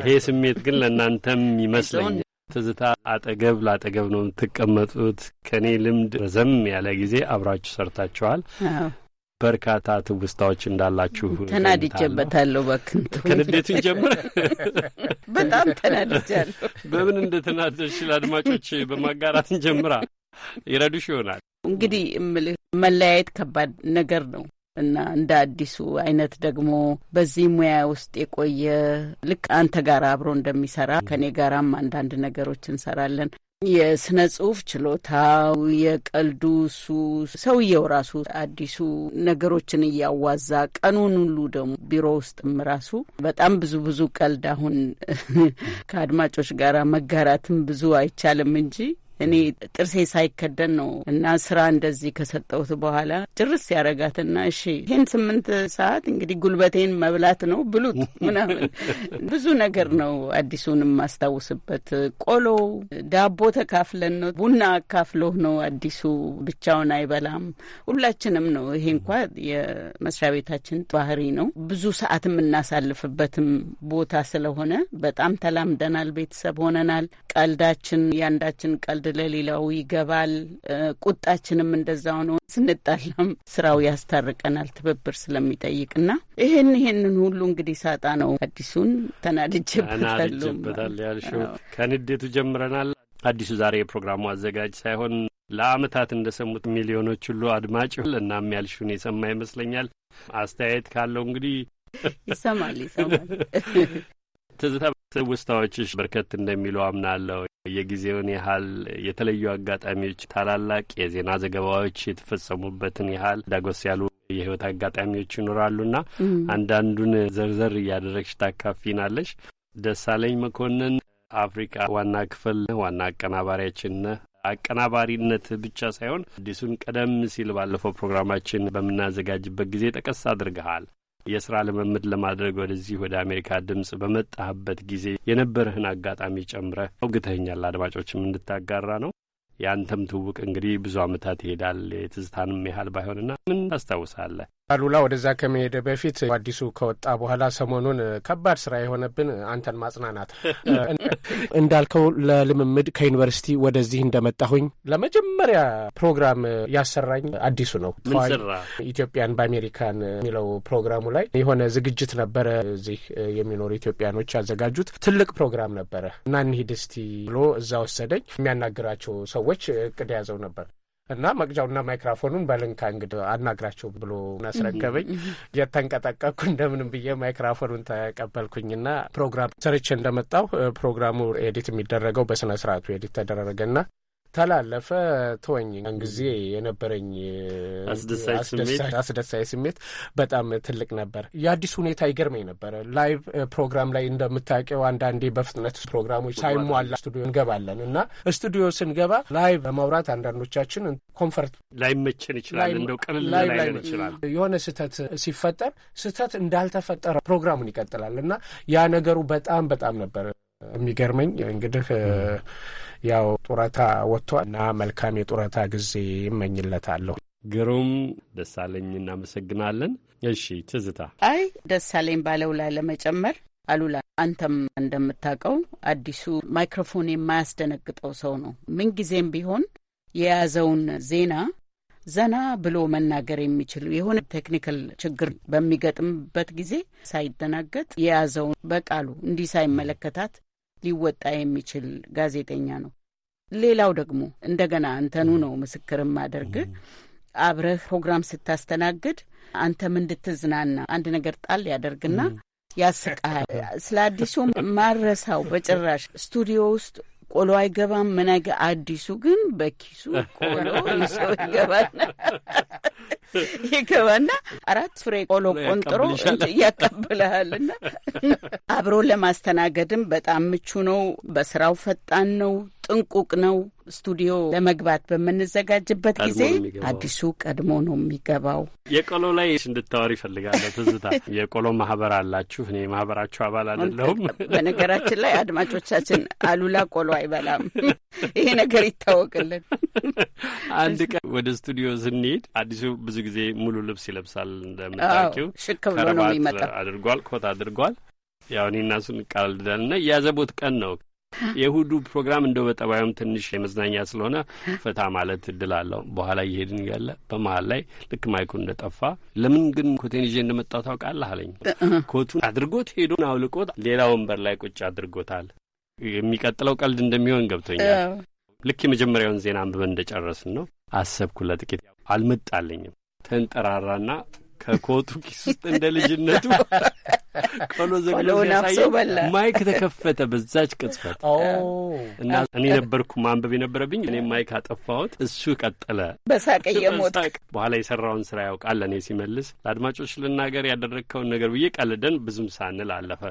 ይሄ ስሜት ግን ለእናንተም ይመስለኛል። ትዝታ አጠገብ ለአጠገብ ነው የምትቀመጡት። ከእኔ ልምድ ረዘም ያለ ጊዜ አብራችሁ ሰርታችኋል። በርካታ ትውስታዎች እንዳላችሁ ተናድጀበታለሁ። በክንቱ ከንዴቱ ጀምር በጣም ተናድጃለሁ። በምን እንደ እንደተናደድሽ ለአድማጮች በማጋራት እንጀምራ፣ ይረዱሽ ይሆናል። እንግዲህ እምልህ መለያየት ከባድ ነገር ነው እና እንደ አዲሱ አይነት ደግሞ በዚህ ሙያ ውስጥ የቆየ ልክ አንተ ጋር አብሮ እንደሚሰራ ከእኔ ጋራም አንዳንድ ነገሮች እንሰራለን የስነ ጽሁፍ ችሎታው የቀልዱ እሱ ሰውየው ራሱ አዲሱ ነገሮችን እያዋዛ ቀኑን ሁሉ ደግሞ ቢሮ ውስጥም ራሱ በጣም ብዙ ብዙ ቀልድ አሁን [LAUGHS] ከአድማጮች ጋር መጋራትም ብዙ አይቻልም እንጂ እኔ ጥርሴ ሳይከደን ነው እና ስራ እንደዚህ ከሰጠሁት በኋላ ጭርስ ያረጋትና እሺ ይህን ስምንት ሰዓት እንግዲህ ጉልበቴን መብላት ነው ብሉት [LAUGHS] ምናምን ብዙ ነገር ነው አዲሱን የማስታውስበት። ቆሎ ዳቦ ተካፍለን ነው፣ ቡና አካፍሎ ነው። አዲሱ ብቻውን አይበላም፣ ሁላችንም ነው። ይሄ እንኳ የመስሪያ ቤታችን ባህሪ ነው። ብዙ ሰዓት የምናሳልፍበትም ቦታ ስለሆነ በጣም ተላምደናል። ቤተሰብ ሆነናል። ቀልዳችን ያንዳችን ቀልድ ለሌላው ይገባል። ቁጣችንም እንደዛው ነው። ስንጣላም ስራው ያስታርቀናል ትብብር ስለሚጠይቅና ይህን ይህንን ሁሉ እንግዲህ ሳጣ ነው አዲሱን ተናድጄበታል ያልሽው። ከንዴቱ ጀምረናል። አዲሱ ዛሬ የፕሮግራሙ አዘጋጅ ሳይሆን ለአመታት ሰሙት ሚሊዮኖች ሁሉ አድማጭ እናም ያልሽውን የሰማ ይመስለኛል። አስተያየት ካለው እንግዲህ ይሰማል ይሰማል። ትዝታ ውስታዎችሽ በርከት እንደሚሉ አምናለሁ። የጊዜውን ያህል የተለዩ አጋጣሚዎች፣ ታላላቅ የዜና ዘገባዎች የተፈጸሙበትን ያህል ዳጎስ ያሉ የህይወት አጋጣሚዎች ይኖራሉና አንዳንዱን ዘርዘር እያደረግሽ ታካፊናለሽ። ደሳለኝ መኮንን አፍሪካ ዋና ክፍል ዋና አቀናባሪያችን ነህ። አቀናባሪነት ብቻ ሳይሆን አዲሱን ቀደም ሲል ባለፈው ፕሮግራማችን በምናዘጋጅበት ጊዜ ጠቀስ አድርገሃል። የስራ ልምምድ ለማድረግ ወደዚህ ወደ አሜሪካ ድምጽ በመጣህበት ጊዜ የነበረህን አጋጣሚ ጨምረህ አውግተኸኛል። አድማጮችም እንድታጋራ ነው። የአንተም ትውውቅ እንግዲህ ብዙ ዓመታት ይሄዳል። የትዝታንም ያህል ባይሆንና ምን ታስታውሳለህ? አሉላ ወደዛ ከመሄደ በፊት አዲሱ ከወጣ በኋላ ሰሞኑን ከባድ ስራ የሆነብን አንተን ማጽናናት [LAUGHS] እንዳልከው ለልምምድ ከዩኒቨርሲቲ ወደዚህ እንደመጣሁኝ ለመጀመሪያ ፕሮግራም ያሰራኝ አዲሱ ነው። ኢትዮጵያን በአሜሪካን የሚለው ፕሮግራሙ ላይ የሆነ ዝግጅት ነበረ። እዚህ የሚኖሩ ኢትዮጵያኖች ያዘጋጁት ትልቅ ፕሮግራም ነበረ እና እንሂድ እስቲ ብሎ እዛ ወሰደኝ። የሚያናግራቸው ሰዎች እቅድ ያዘው ነበር እና መቅጃውና ማይክራፎኑን በልንካ እንግዲህ አናግራቸው ብሎ አስረከበኝ። የተንቀጠቀኩ እንደምንም ብዬ ማይክራፎኑን ተቀበልኩኝና ፕሮግራም ሰርች እንደመጣው ፕሮግራሙ ኤዲት የሚደረገው በስነ ስርዓቱ ኤዲት ተደረገና ተላለፈ ተወኝ። ያን ጊዜ የነበረኝ አስደሳይ ስሜት በጣም ትልቅ ነበር። የአዲስ ሁኔታ ይገርመኝ ነበረ። ላይቭ ፕሮግራም ላይ እንደምታውቂው አንዳንዴ በፍጥነት ፕሮግራሞች ሳይሟላ ስቱዲዮ እንገባለን እና ስቱዲዮ ስንገባ ላይቭ ለማውራት አንዳንዶቻችን ኮንፈርት ላይመችን ይችላል፣ እንደው ቀልል ይችላል። የሆነ ስህተት ሲፈጠር ስህተት እንዳልተፈጠረ ፕሮግራሙን ይቀጥላል እና ያ ነገሩ በጣም በጣም ነበር የሚገርመኝ እንግዲህ ያው ጡረታ ወጥቷል እና መልካም የጡረታ ጊዜ ይመኝለታለሁ። ግሩም ደሳለኝ፣ እናመሰግናለን። እሺ ትዝታ። አይ ደሳለኝ ባለው ላይ ለመጨመር አሉላ አንተም እንደምታውቀው አዲሱ ማይክሮፎን የማያስደነግጠው ሰው ነው። ምንጊዜም ቢሆን የያዘውን ዜና ዘና ብሎ መናገር የሚችል የሆነ ቴክኒካል ችግር በሚገጥምበት ጊዜ ሳይደናገጥ የያዘውን በቃሉ እንዲህ ሳይመለከታት ሊወጣ የሚችል ጋዜጠኛ ነው። ሌላው ደግሞ እንደገና እንተኑ ነው ምስክርም አደርግህ አብረህ ፕሮግራም ስታስተናግድ አንተም እንድትዝናና አንድ ነገር ጣል ያደርግና ያስቃል። ስለ አዲሱ ማረሳው በጭራሽ ስቱዲዮ ውስጥ ቆሎ አይገባም። ምን አዲሱ ግን በኪሱ ቆሎ ይዞ ይገባል። ይገባና አራት ፍሬ ቆሎ ቆንጥሮ ያቀብልሃል አብሮ ለማስተናገድም በጣም ምቹ ነው። በስራው ፈጣን ነው። ጥንቁቅ ነው። ስቱዲዮ ለመግባት በምንዘጋጅበት ጊዜ አዲሱ ቀድሞ ነው የሚገባው። የቆሎ ላይ እንድታወር ይፈልጋለሁ ትዝታ። የቆሎ ማህበር አላችሁ? እኔ ማህበራችሁ አባል አይደለሁም። [LAUGHS] በነገራችን ላይ አድማጮቻችን አሉላ ቆሎ አይበላም። ይሄ ነገር ይታወቅልን። አንድ ቀን ወደ ስቱዲዮ ስንሄድ አዲሱ ብዙ ጊዜ ሙሉ ልብስ ይለብሳል እንደምታውቂው፣ ሽክ ብሎ ነው የሚመጣ አድርጓል፣ ኮት አድርጓል። ያው እኔ እና እሱን እንቃለዳለን እና ያዘቦት ቀን ነው የእሁዱ ፕሮግራም እንደ በጠባዩም ትንሽ የመዝናኛ ስለሆነ ፈታ ማለት እድል አለው። በኋላ እየሄድን ያለ በመሀል ላይ ልክ ማይኩ እንደጠፋ ለምን ግን ኮቴን ይዤ እንደመጣ ታውቃለህ አለኝ። ኮቱን አድርጎት ሄዶን አውልቆት ሌላ ወንበር ላይ ቁጭ አድርጎታል። የሚቀጥለው ቀልድ እንደሚሆን ገብቶኛል። ልክ የመጀመሪያውን ዜና አንብበን እንደጨረስን ነው አሰብኩ ለጥቂት፣ አልመጣልኝም። ተንጠራራና ከኮቱ ኪስ ውስጥ እንደ ልጅነቱ [LAUGHS] ቆሎ ዘግሎ ማይክ ተከፈተ። በዛች ቅጽበት እና እኔ ነበርኩ ማንበብ የነበረብኝ እኔ ማይክ አጠፋሁት። እሱ ቀጠለ በሳቅ የሞት በኋላ የሰራውን ስራ ያውቃል። እኔ ሲመልስ ለአድማጮች ልናገር ያደረግከውን ነገር ብዬ ቀልደን ብዙም ሳንል አለፈ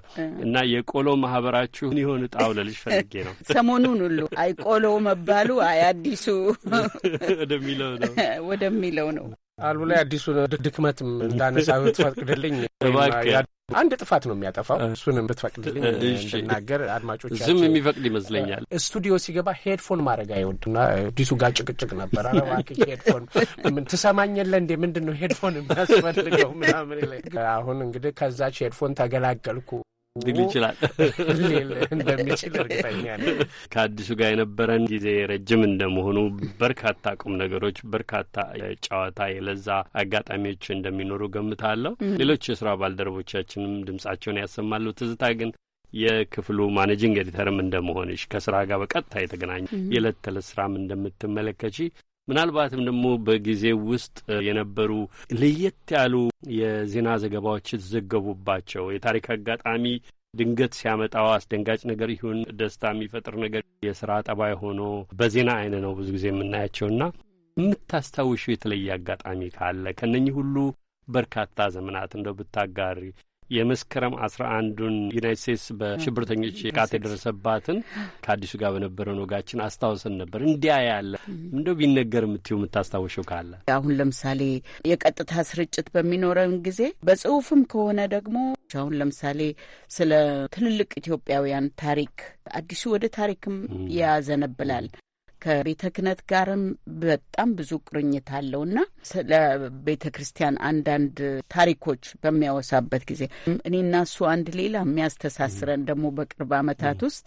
እና የቆሎ ማህበራችሁን የሆን እጣው ለልጅ ፈልጌ ነው [LAUGHS] ሰሞኑን ሁሉ አይ ቆሎ መባሉ አይ አዲሱ [LAUGHS] ወደሚለው ነው ወደሚለው ነው አልቡ ላይ አዲሱን ድክመትም እንዳነሳ ብትፈቅድልኝ [LAUGHS] አንድ ጥፋት ነው የሚያጠፋው። እሱንም ብትፈቅድልኝ እንድናገር አድማጮች ዝም የሚፈቅድ ይመስለኛል። ስቱዲዮ ሲገባ ሄድፎን ማድረግ አይወድና አዲሱ ጋር ጭቅጭቅ ነበር። ኧረ እባክህ ሄድፎን ምን ትሰማኛለህ እንዴ? ምንድን ነው ሄድፎን የሚያስፈልገው ምናምን። አሁን እንግዲህ ከዛች ሄድፎን ተገላገልኩ። ሊል ይችላል ሊል እንደሚችል እርግጠኛ ነኝ። ከአዲሱ ጋር የነበረን ጊዜ ረጅም እንደመሆኑ በርካታ ቁም ነገሮች፣ በርካታ ጨዋታ የለዛ አጋጣሚዎች እንደሚኖሩ ገምታለሁ። ሌሎች የስራ ባልደረቦቻችንም ድምጻቸውን ያሰማሉ። ትዝታ ግን የክፍሉ ማኔጂንግ ኤዲተርም እንደመሆንሽ ከስራ ጋር በቀጥታ የተገናኘ የዕለት ተዕለት ስራም እንደምትመለከች ምናልባትም ደግሞ በጊዜው ውስጥ የነበሩ ለየት ያሉ የዜና ዘገባዎች የተዘገቡባቸው የታሪክ አጋጣሚ ድንገት ሲያመጣው አስደንጋጭ ነገር ይሁን ደስታ የሚፈጥር ነገር የስራ ጠባይ ሆኖ በዜና አይነ ነው ብዙ ጊዜ የምናያቸውና የምታስታውሹ የተለየ አጋጣሚ ካለ ከነኚህ ሁሉ በርካታ ዘመናት እንደው ብታጋሪ የመስከረም አስራ አንዱን ዩናይት ስቴትስ በሽብርተኞች ጥቃት የደረሰባትን ከአዲሱ ጋር በነበረን ወጋችን አስታውሰን ነበር። እንዲያ ያለ እንደው ቢነገር የምትይው የምታስታውሽው ካለ አሁን ለምሳሌ የቀጥታ ስርጭት በሚኖረን ጊዜ በጽሁፍም ከሆነ ደግሞ አሁን ለምሳሌ ስለ ትልልቅ ኢትዮጵያውያን ታሪክ አዲሱ ወደ ታሪክም ያዘነብላል። ከቤተ ክህነት ጋርም በጣም ብዙ ቁርኝት አለውና ስለ ቤተ ክርስቲያን አንዳንድ ታሪኮች በሚያወሳበት ጊዜ እኔና እሱ አንድ ሌላ የሚያስተሳስረን ደግሞ በቅርብ ዓመታት ውስጥ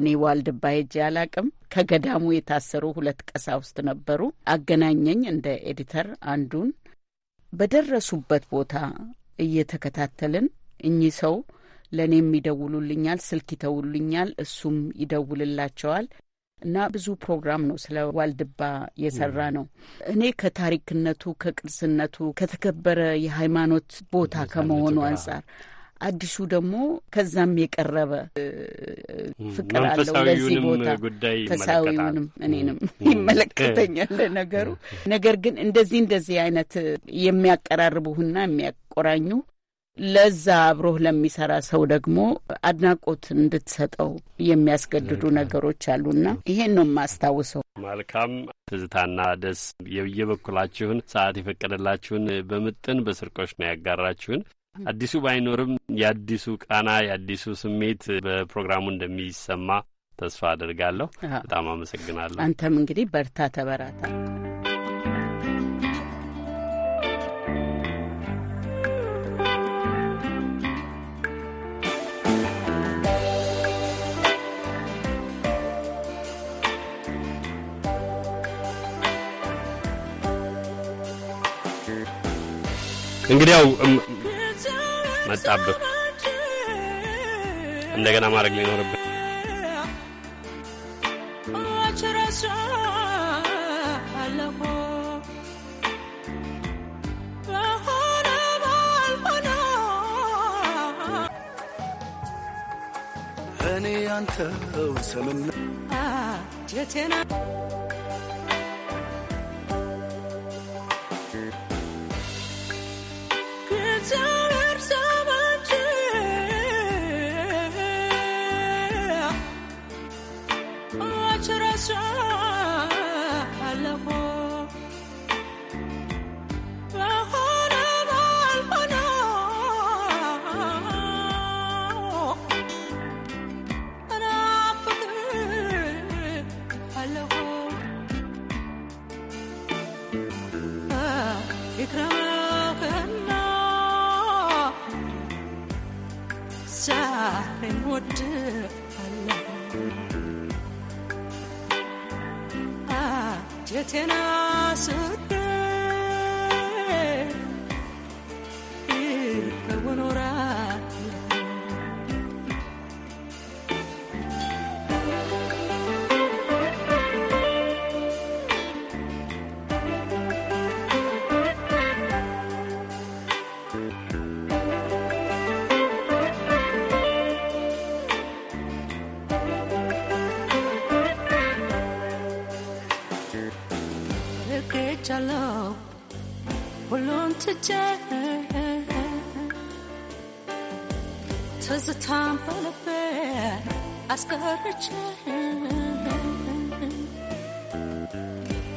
እኔ ዋልድባ ሄጄ አላቅም። ከገዳሙ የታሰሩ ሁለት ቀሳውስት ነበሩ። አገናኘኝ እንደ ኤዲተር አንዱን በደረሱበት ቦታ እየተከታተልን እኚህ ሰው ለእኔም ይደውሉልኛል፣ ስልክ ይተውሉኛል፣ እሱም ይደውልላቸዋል። እና ብዙ ፕሮግራም ነው ስለ ዋልድባ የሰራ ነው። እኔ ከታሪክነቱ ከቅርስነቱ፣ ከተከበረ የሃይማኖት ቦታ ከመሆኑ አንጻር አዲሱ ደግሞ ከዛም የቀረበ ፍቅር አለው ለዚህ ቦታ መንፈሳዊውንም እኔንም ይመለከተኛል ነገሩ። ነገር ግን እንደዚህ እንደዚህ አይነት የሚያቀራርቡህና የሚያቆራኙ ለዛ አብሮህ ለሚሰራ ሰው ደግሞ አድናቆት እንድትሰጠው የሚያስገድዱ ነገሮች አሉና ይሄን ነው የማስታውሰው። መልካም ትዝታና ደስ የየበኩላችሁን ሰዓት የፈቀደላችሁን በምጥን በስርቆች ነው ያጋራችሁን። አዲሱ ባይኖርም የአዲሱ ቃና የአዲሱ ስሜት በፕሮግራሙ እንደሚሰማ ተስፋ አድርጋለሁ። በጣም አመሰግናለሁ። አንተም እንግዲህ በርታ፣ ተበራታ። እንግዲያው መጣብህ እንደገና ማድረግ ሊኖርብህ እኔ ያንተው ሰምና I'll ልቤን ወድ አለ ጀቴና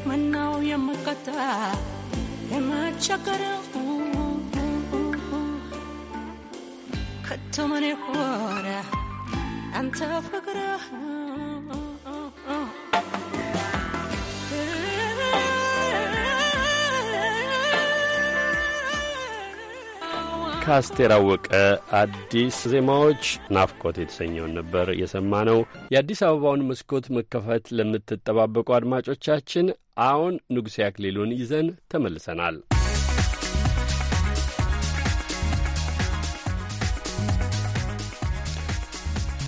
ምነው የምቀጣ የምቸገረው ከቶምን ሆነ አንተ ፍቅር ከአስቴር አወቀ አዲስ ዜማዎች ናፍቆት የተሰኘውን ነበር የሰማ ነው። የአዲስ አበባውን መስኮት መከፈት ለምትጠባበቁ አድማጮቻችን አሁን ንጉሴ አክሊሉን ይዘን ተመልሰናል።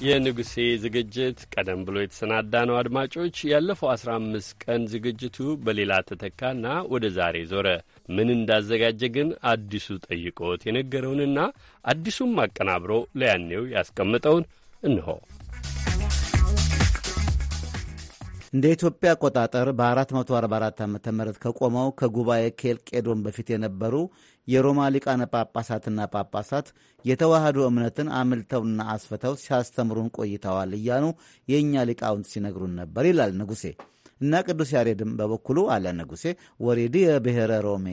የንጉሴ ዝግጅት ቀደም ብሎ የተሰናዳ ነው። አድማጮች ያለፈው አስራ አምስት ቀን ዝግጅቱ በሌላ ተተካና ወደ ዛሬ ዞረ። ምን እንዳዘጋጀ ግን አዲሱ ጠይቆት የነገረውንና አዲሱም አቀናብሮ ለያኔው ያስቀምጠውን እንሆ እንደ ኢትዮጵያ አቆጣጠር በ444 ዓ ም ከቆመው ከጉባኤ ኬልቄዶን በፊት የነበሩ የሮማ ሊቃነ ጳጳሳትና ጳጳሳት የተዋህዶ እምነትን አምልተውና አስፍተው ሲያስተምሩን ቆይተዋል እያኑ የእኛ ሊቃውንት ሲነግሩን ነበር ይላል ንጉሴ። እና ቅዱስ ያሬድም በበኩሉ አለ ንጉሴ ወሬድ የብሔረ ሮሜ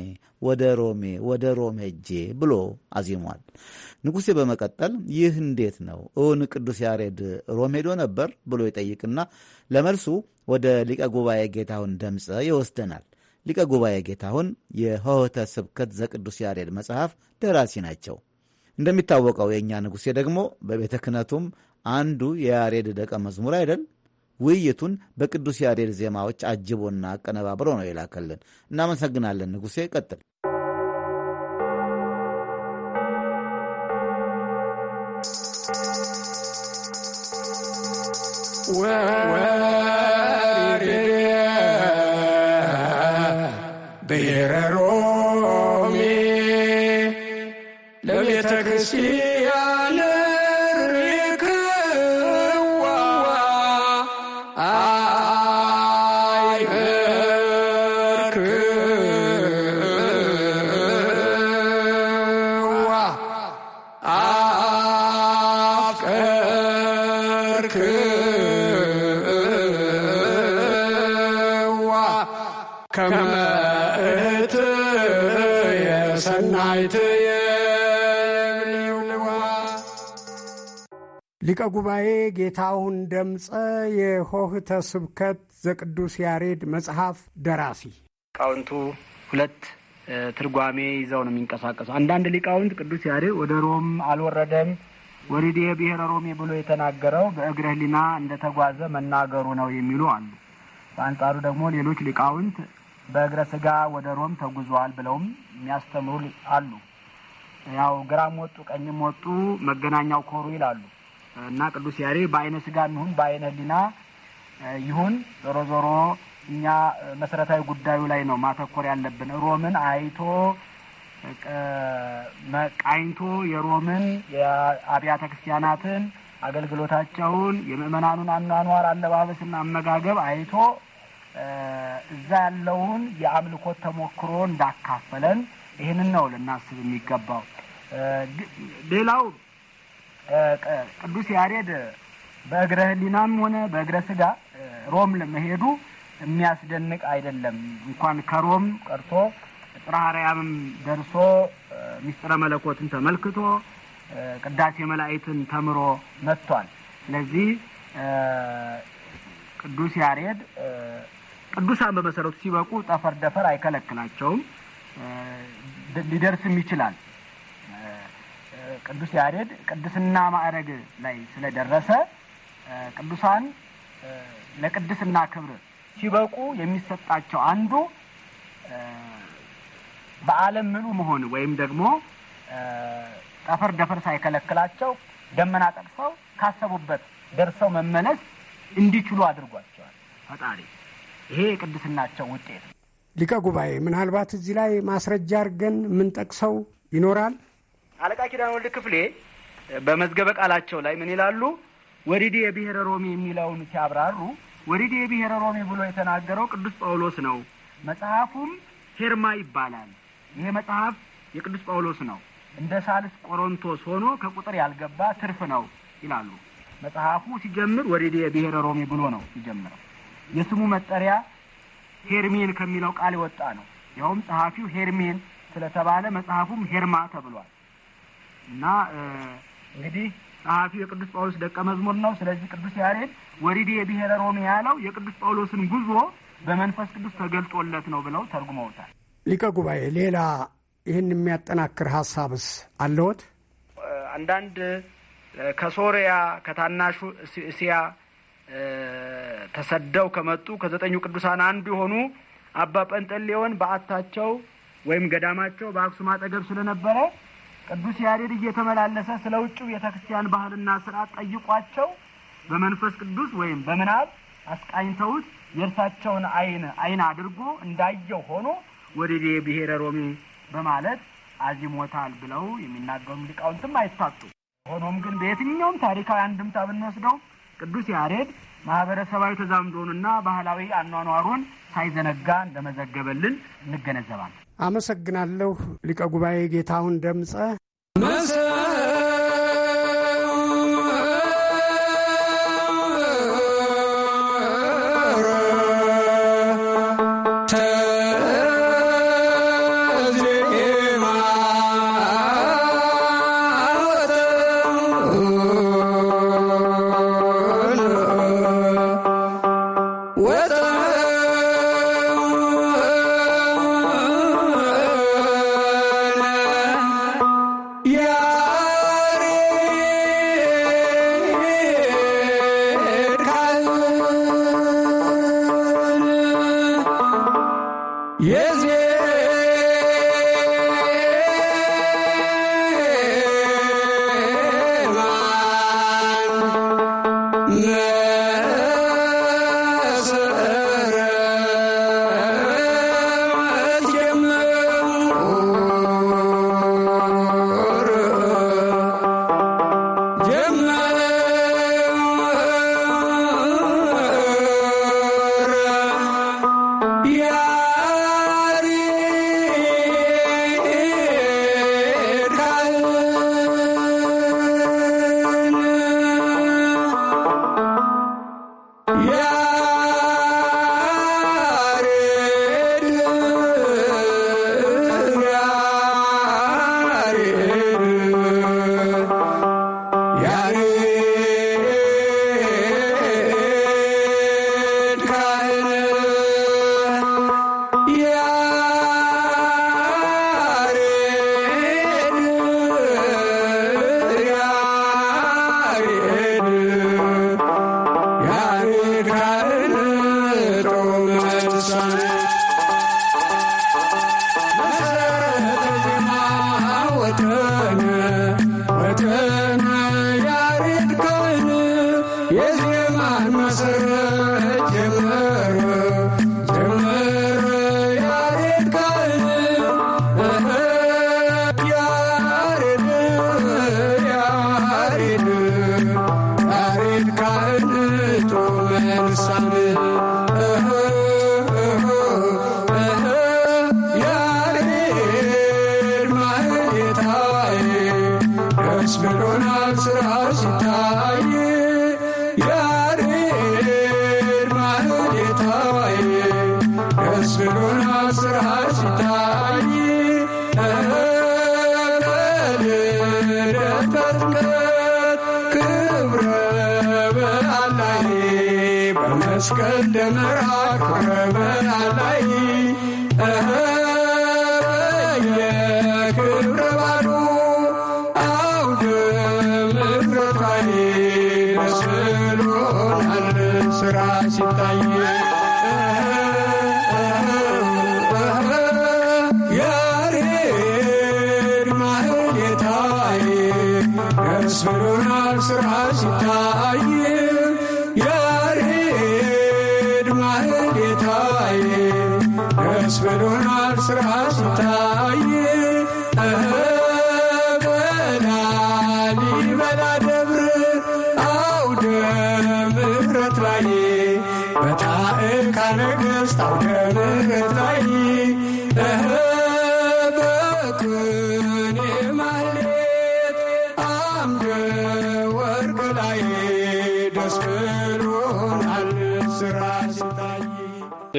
ወደ ሮሜ ወደ ሮሜ እጄ ብሎ አዚሟል። ንጉሴ በመቀጠል ይህ እንዴት ነው እውን ቅዱስ ያሬድ ሮም ሄዶ ነበር ብሎ ይጠይቅና ለመልሱ ወደ ሊቀ ጉባኤ ጌታሁን ደምፀ ይወስደናል። ሊቀ ጉባኤ ጌታሁን የሆህተ ስብከት ዘቅዱስ ያሬድ መጽሐፍ ደራሲ ናቸው። እንደሚታወቀው የእኛ ንጉሴ ደግሞ በቤተ ክህነቱም አንዱ የያሬድ ደቀ መዝሙር አይደል? ውይይቱን በቅዱስ ያሬድ ዜማዎች አጅቦና አቀነባብሮ ነው የላከልን። እናመሰግናለን ንጉሴ። ቀጥል። Yeah. ሊቀ ጉባኤ ጌታሁን ደምፀ የሆህተ ስብከት ዘቅዱስ ያሬድ መጽሐፍ ደራሲ። ሊቃውንቱ ሁለት ትርጓሜ ይዘው ነው የሚንቀሳቀሱ። አንዳንድ ሊቃውንት ቅዱስ ያሬድ ወደ ሮም አልወረደም ወሪዴ ብሔረ ሮሜ ብሎ የተናገረው በእግረ ህሊና እንደተጓዘ መናገሩ ነው የሚሉ አሉ። በአንጻሩ ደግሞ ሌሎች ሊቃውንት በእግረ ስጋ ወደ ሮም ተጉዟል ብለውም የሚያስተምሩ አሉ። ያው ግራም ወጡ ቀኝም ወጡ መገናኛው ኮሩ ይላሉ። እና ቅዱስ ያሬድ በአይነ ስጋም ይሁን በአይነ ህሊና ይሁን ዞሮ ዞሮ እኛ መሰረታዊ ጉዳዩ ላይ ነው ማተኮር ያለብን። ሮምን አይቶ ቃኝቶ የሮምን የአብያተ ክርስቲያናትን አገልግሎታቸውን፣ የምእመናኑን አኗኗር፣ አለባበስና አመጋገብ አይቶ እዛ ያለውን የአምልኮት ተሞክሮ እንዳካፈለን ይህንን ነው ልናስብ የሚገባው ሌላው ቅዱስ ያሬድ በእግረ ህሊናም ሆነ በእግረ ስጋ ሮም ለመሄዱ የሚያስደንቅ አይደለም። እንኳን ከሮም ቀርቶ ጥራ አርያምም ደርሶ ሚስጥረ መለኮትን ተመልክቶ ቅዳሴ መላእክትን ተምሮ መጥቷል። ስለዚህ ቅዱስ ያሬድ ቅዱሳን በመሰረቱ ሲበቁ ጠፈር ደፈር አይከለክላቸውም፣ ሊደርስም ይችላል። ቅዱስ ያሬድ ቅድስና ማዕረግ ላይ ስለደረሰ ቅዱሳን ለቅድስና ክብር ሲበቁ የሚሰጣቸው አንዱ በዓለም ምሉ መሆን ወይም ደግሞ ጠፈር ደፈር ሳይከለክላቸው ደመና ጠቅሰው ካሰቡበት ደርሰው መመለስ እንዲችሉ አድርጓቸዋል ፈጣሪ። ይሄ የቅድስናቸው ውጤት ሊቀ ጉባኤ፣ ምናልባት እዚህ ላይ ማስረጃ አድርገን የምንጠቅሰው ይኖራል? አለቃ ኪዳን ወልድ ክፍሌ በመዝገበ ቃላቸው ላይ ምን ይላሉ? ወሪዴ የብሔረ ሮሜ የሚለውን ሲያብራሩ ወሪዴ የብሔረ ሮሜ ብሎ የተናገረው ቅዱስ ጳውሎስ ነው። መጽሐፉም ሄርማ ይባላል። ይሄ መጽሐፍ የቅዱስ ጳውሎስ ነው። እንደ ሳልስ ቆሮንቶስ ሆኖ ከቁጥር ያልገባ ትርፍ ነው ይላሉ። መጽሐፉ ሲጀምር ወሪዴ የብሔረ ሮሜ ብሎ ነው ሲጀምረው። የስሙ መጠሪያ ሄርሜን ከሚለው ቃል የወጣ ነው። ይኸውም ጸሐፊው ሄርሜን ስለተባለ መጽሐፉም ሄርማ ተብሏል። እና እንግዲህ ጸሐፊው የቅዱስ ጳውሎስ ደቀ መዝሙር ነው። ስለዚህ ቅዱስ ያሬድ ወሪዴ የብሔረ ሮሜ ያለው የቅዱስ ጳውሎስን ጉዞ በመንፈስ ቅዱስ ተገልጦለት ነው ብለው ተርጉመውታል። ሊቀ ጉባኤ፣ ሌላ ይህን የሚያጠናክር ሀሳብስ አለዎት? አንዳንድ ከሶሪያ ከታናሹ እስያ ተሰደው ከመጡ ከዘጠኙ ቅዱሳን አንዱ የሆኑ አባ ጰንጠሌዎን በዓታቸው ወይም ገዳማቸው በአክሱም አጠገብ ስለነበረ ቅዱስ ያሬድ እየተመላለሰ ስለ ውጭ ቤተ ክርስቲያን ባህልና ስርዓት ጠይቋቸው በመንፈስ ቅዱስ ወይም በምናብ አስቃኝተውት የእርሳቸውን አይን አይን አድርጎ እንዳየው ሆኖ ወደ ብሔረ ሮሜ በማለት አዚሞታል ብለው የሚናገሩ ሊቃውንትም አይታጡ። ሆኖም ግን በየትኛውም ታሪካዊ አንድምታ ብንወስደው ቅዱስ ያሬድ ማህበረሰባዊ ተዛምዶንና ባህላዊ አኗኗሩን ሳይዘነጋ እንደመዘገበልን እንገነዘባል። አመሰግናለሁ ሊቀ ጉባኤ ጌታሁን ደምጸ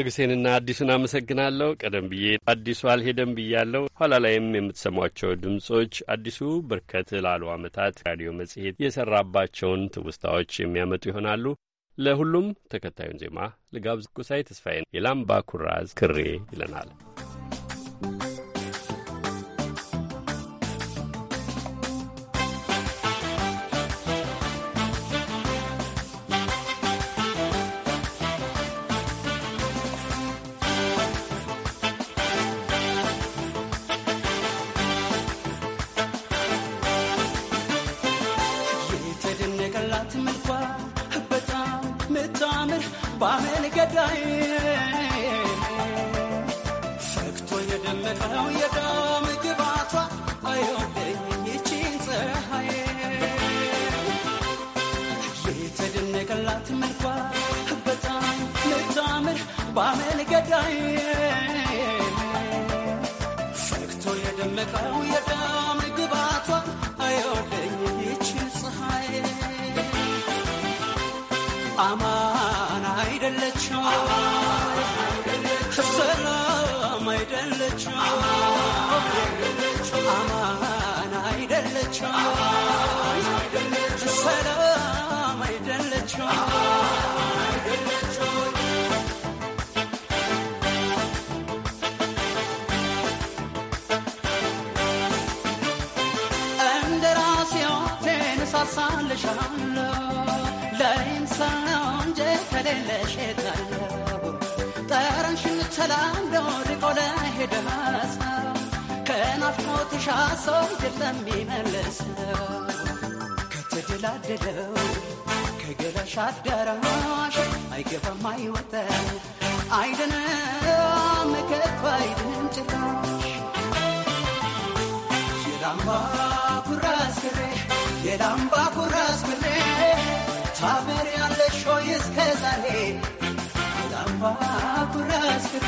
ንጉሴንና አዲሱን አመሰግናለሁ። ቀደም ብዬ አዲሱ አልሄደም ብያለሁ። ኋላ ላይም የምትሰሟቸው ድምጾች አዲሱ በርከት ላሉ ዓመታት ራዲዮ መጽሔት የሰራባቸውን ትውስታዎች የሚያመጡ ይሆናሉ። ለሁሉም ተከታዩን ዜማ ልጋብዝ። ጉሳይ ተስፋዬ የላምባ ኩራዝ ክሬ ይለናል። ባመን ገዳይ አይደለችም ሰላም አይደለችም እንደ ራሴዋ ተነሳሳልሻለሁ ለእኔም ሰው እንጂ ከሌለሽ የታለሁ ጠረንሽን ተላምዶ ርቆ ላይ ሄደሃል ናፍቆትሻ ሰው የለም ይመለሰው ከተደላደለው ከገላሽ አዳራሽ አይገባም አይወጣም አይደለም ከቶ አይድንም ጭራሽ የላምባ ኩራዝ ብሬ የላምባ ኩራዝ ብሬ ታምር ያለሽ ሆይ እስከ ዛሬ የላምባ ኩራዝ ብሬ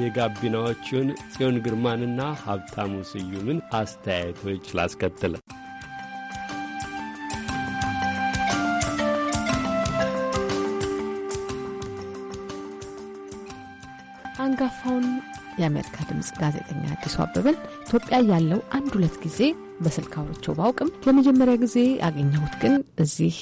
የጋቢናዎቹን ጽዮን ግርማንና ሀብታሙ ስዩምን አስተያየቶች ላስከትለ አንጋፋውን የአሜሪካ ድምፅ ጋዜጠኛ አዲሱ አበበን ኢትዮጵያ ያለው አንድ ሁለት ጊዜ በስልክ አውርቼው ባውቅም ለመጀመሪያ ጊዜ ያገኘሁት ግን እዚህ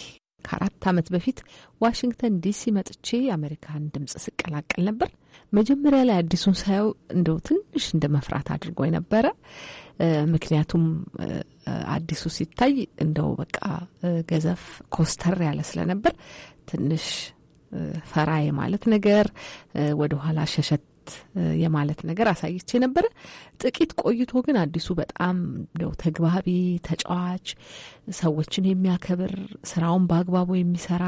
ከአራት ዓመት በፊት ዋሽንግተን ዲሲ መጥቼ የአሜሪካን ድምፅ ስቀላቀል ነበር። መጀመሪያ ላይ አዲሱን ሳየው እንደው ትንሽ እንደ መፍራት አድርጎ ነበረ። ምክንያቱም አዲሱ ሲታይ እንደው በቃ ገዘፍ ኮስተር ያለ ስለነበር ትንሽ ፈራ የማለት ነገር ወደኋላ ሸሸት የማለት ነገር አሳይቼ ነበረ። ጥቂት ቆይቶ ግን አዲሱ በጣም እንደው ተግባቢ ተጫዋች፣ ሰዎችን የሚያከብር፣ ስራውን በአግባቡ የሚሰራ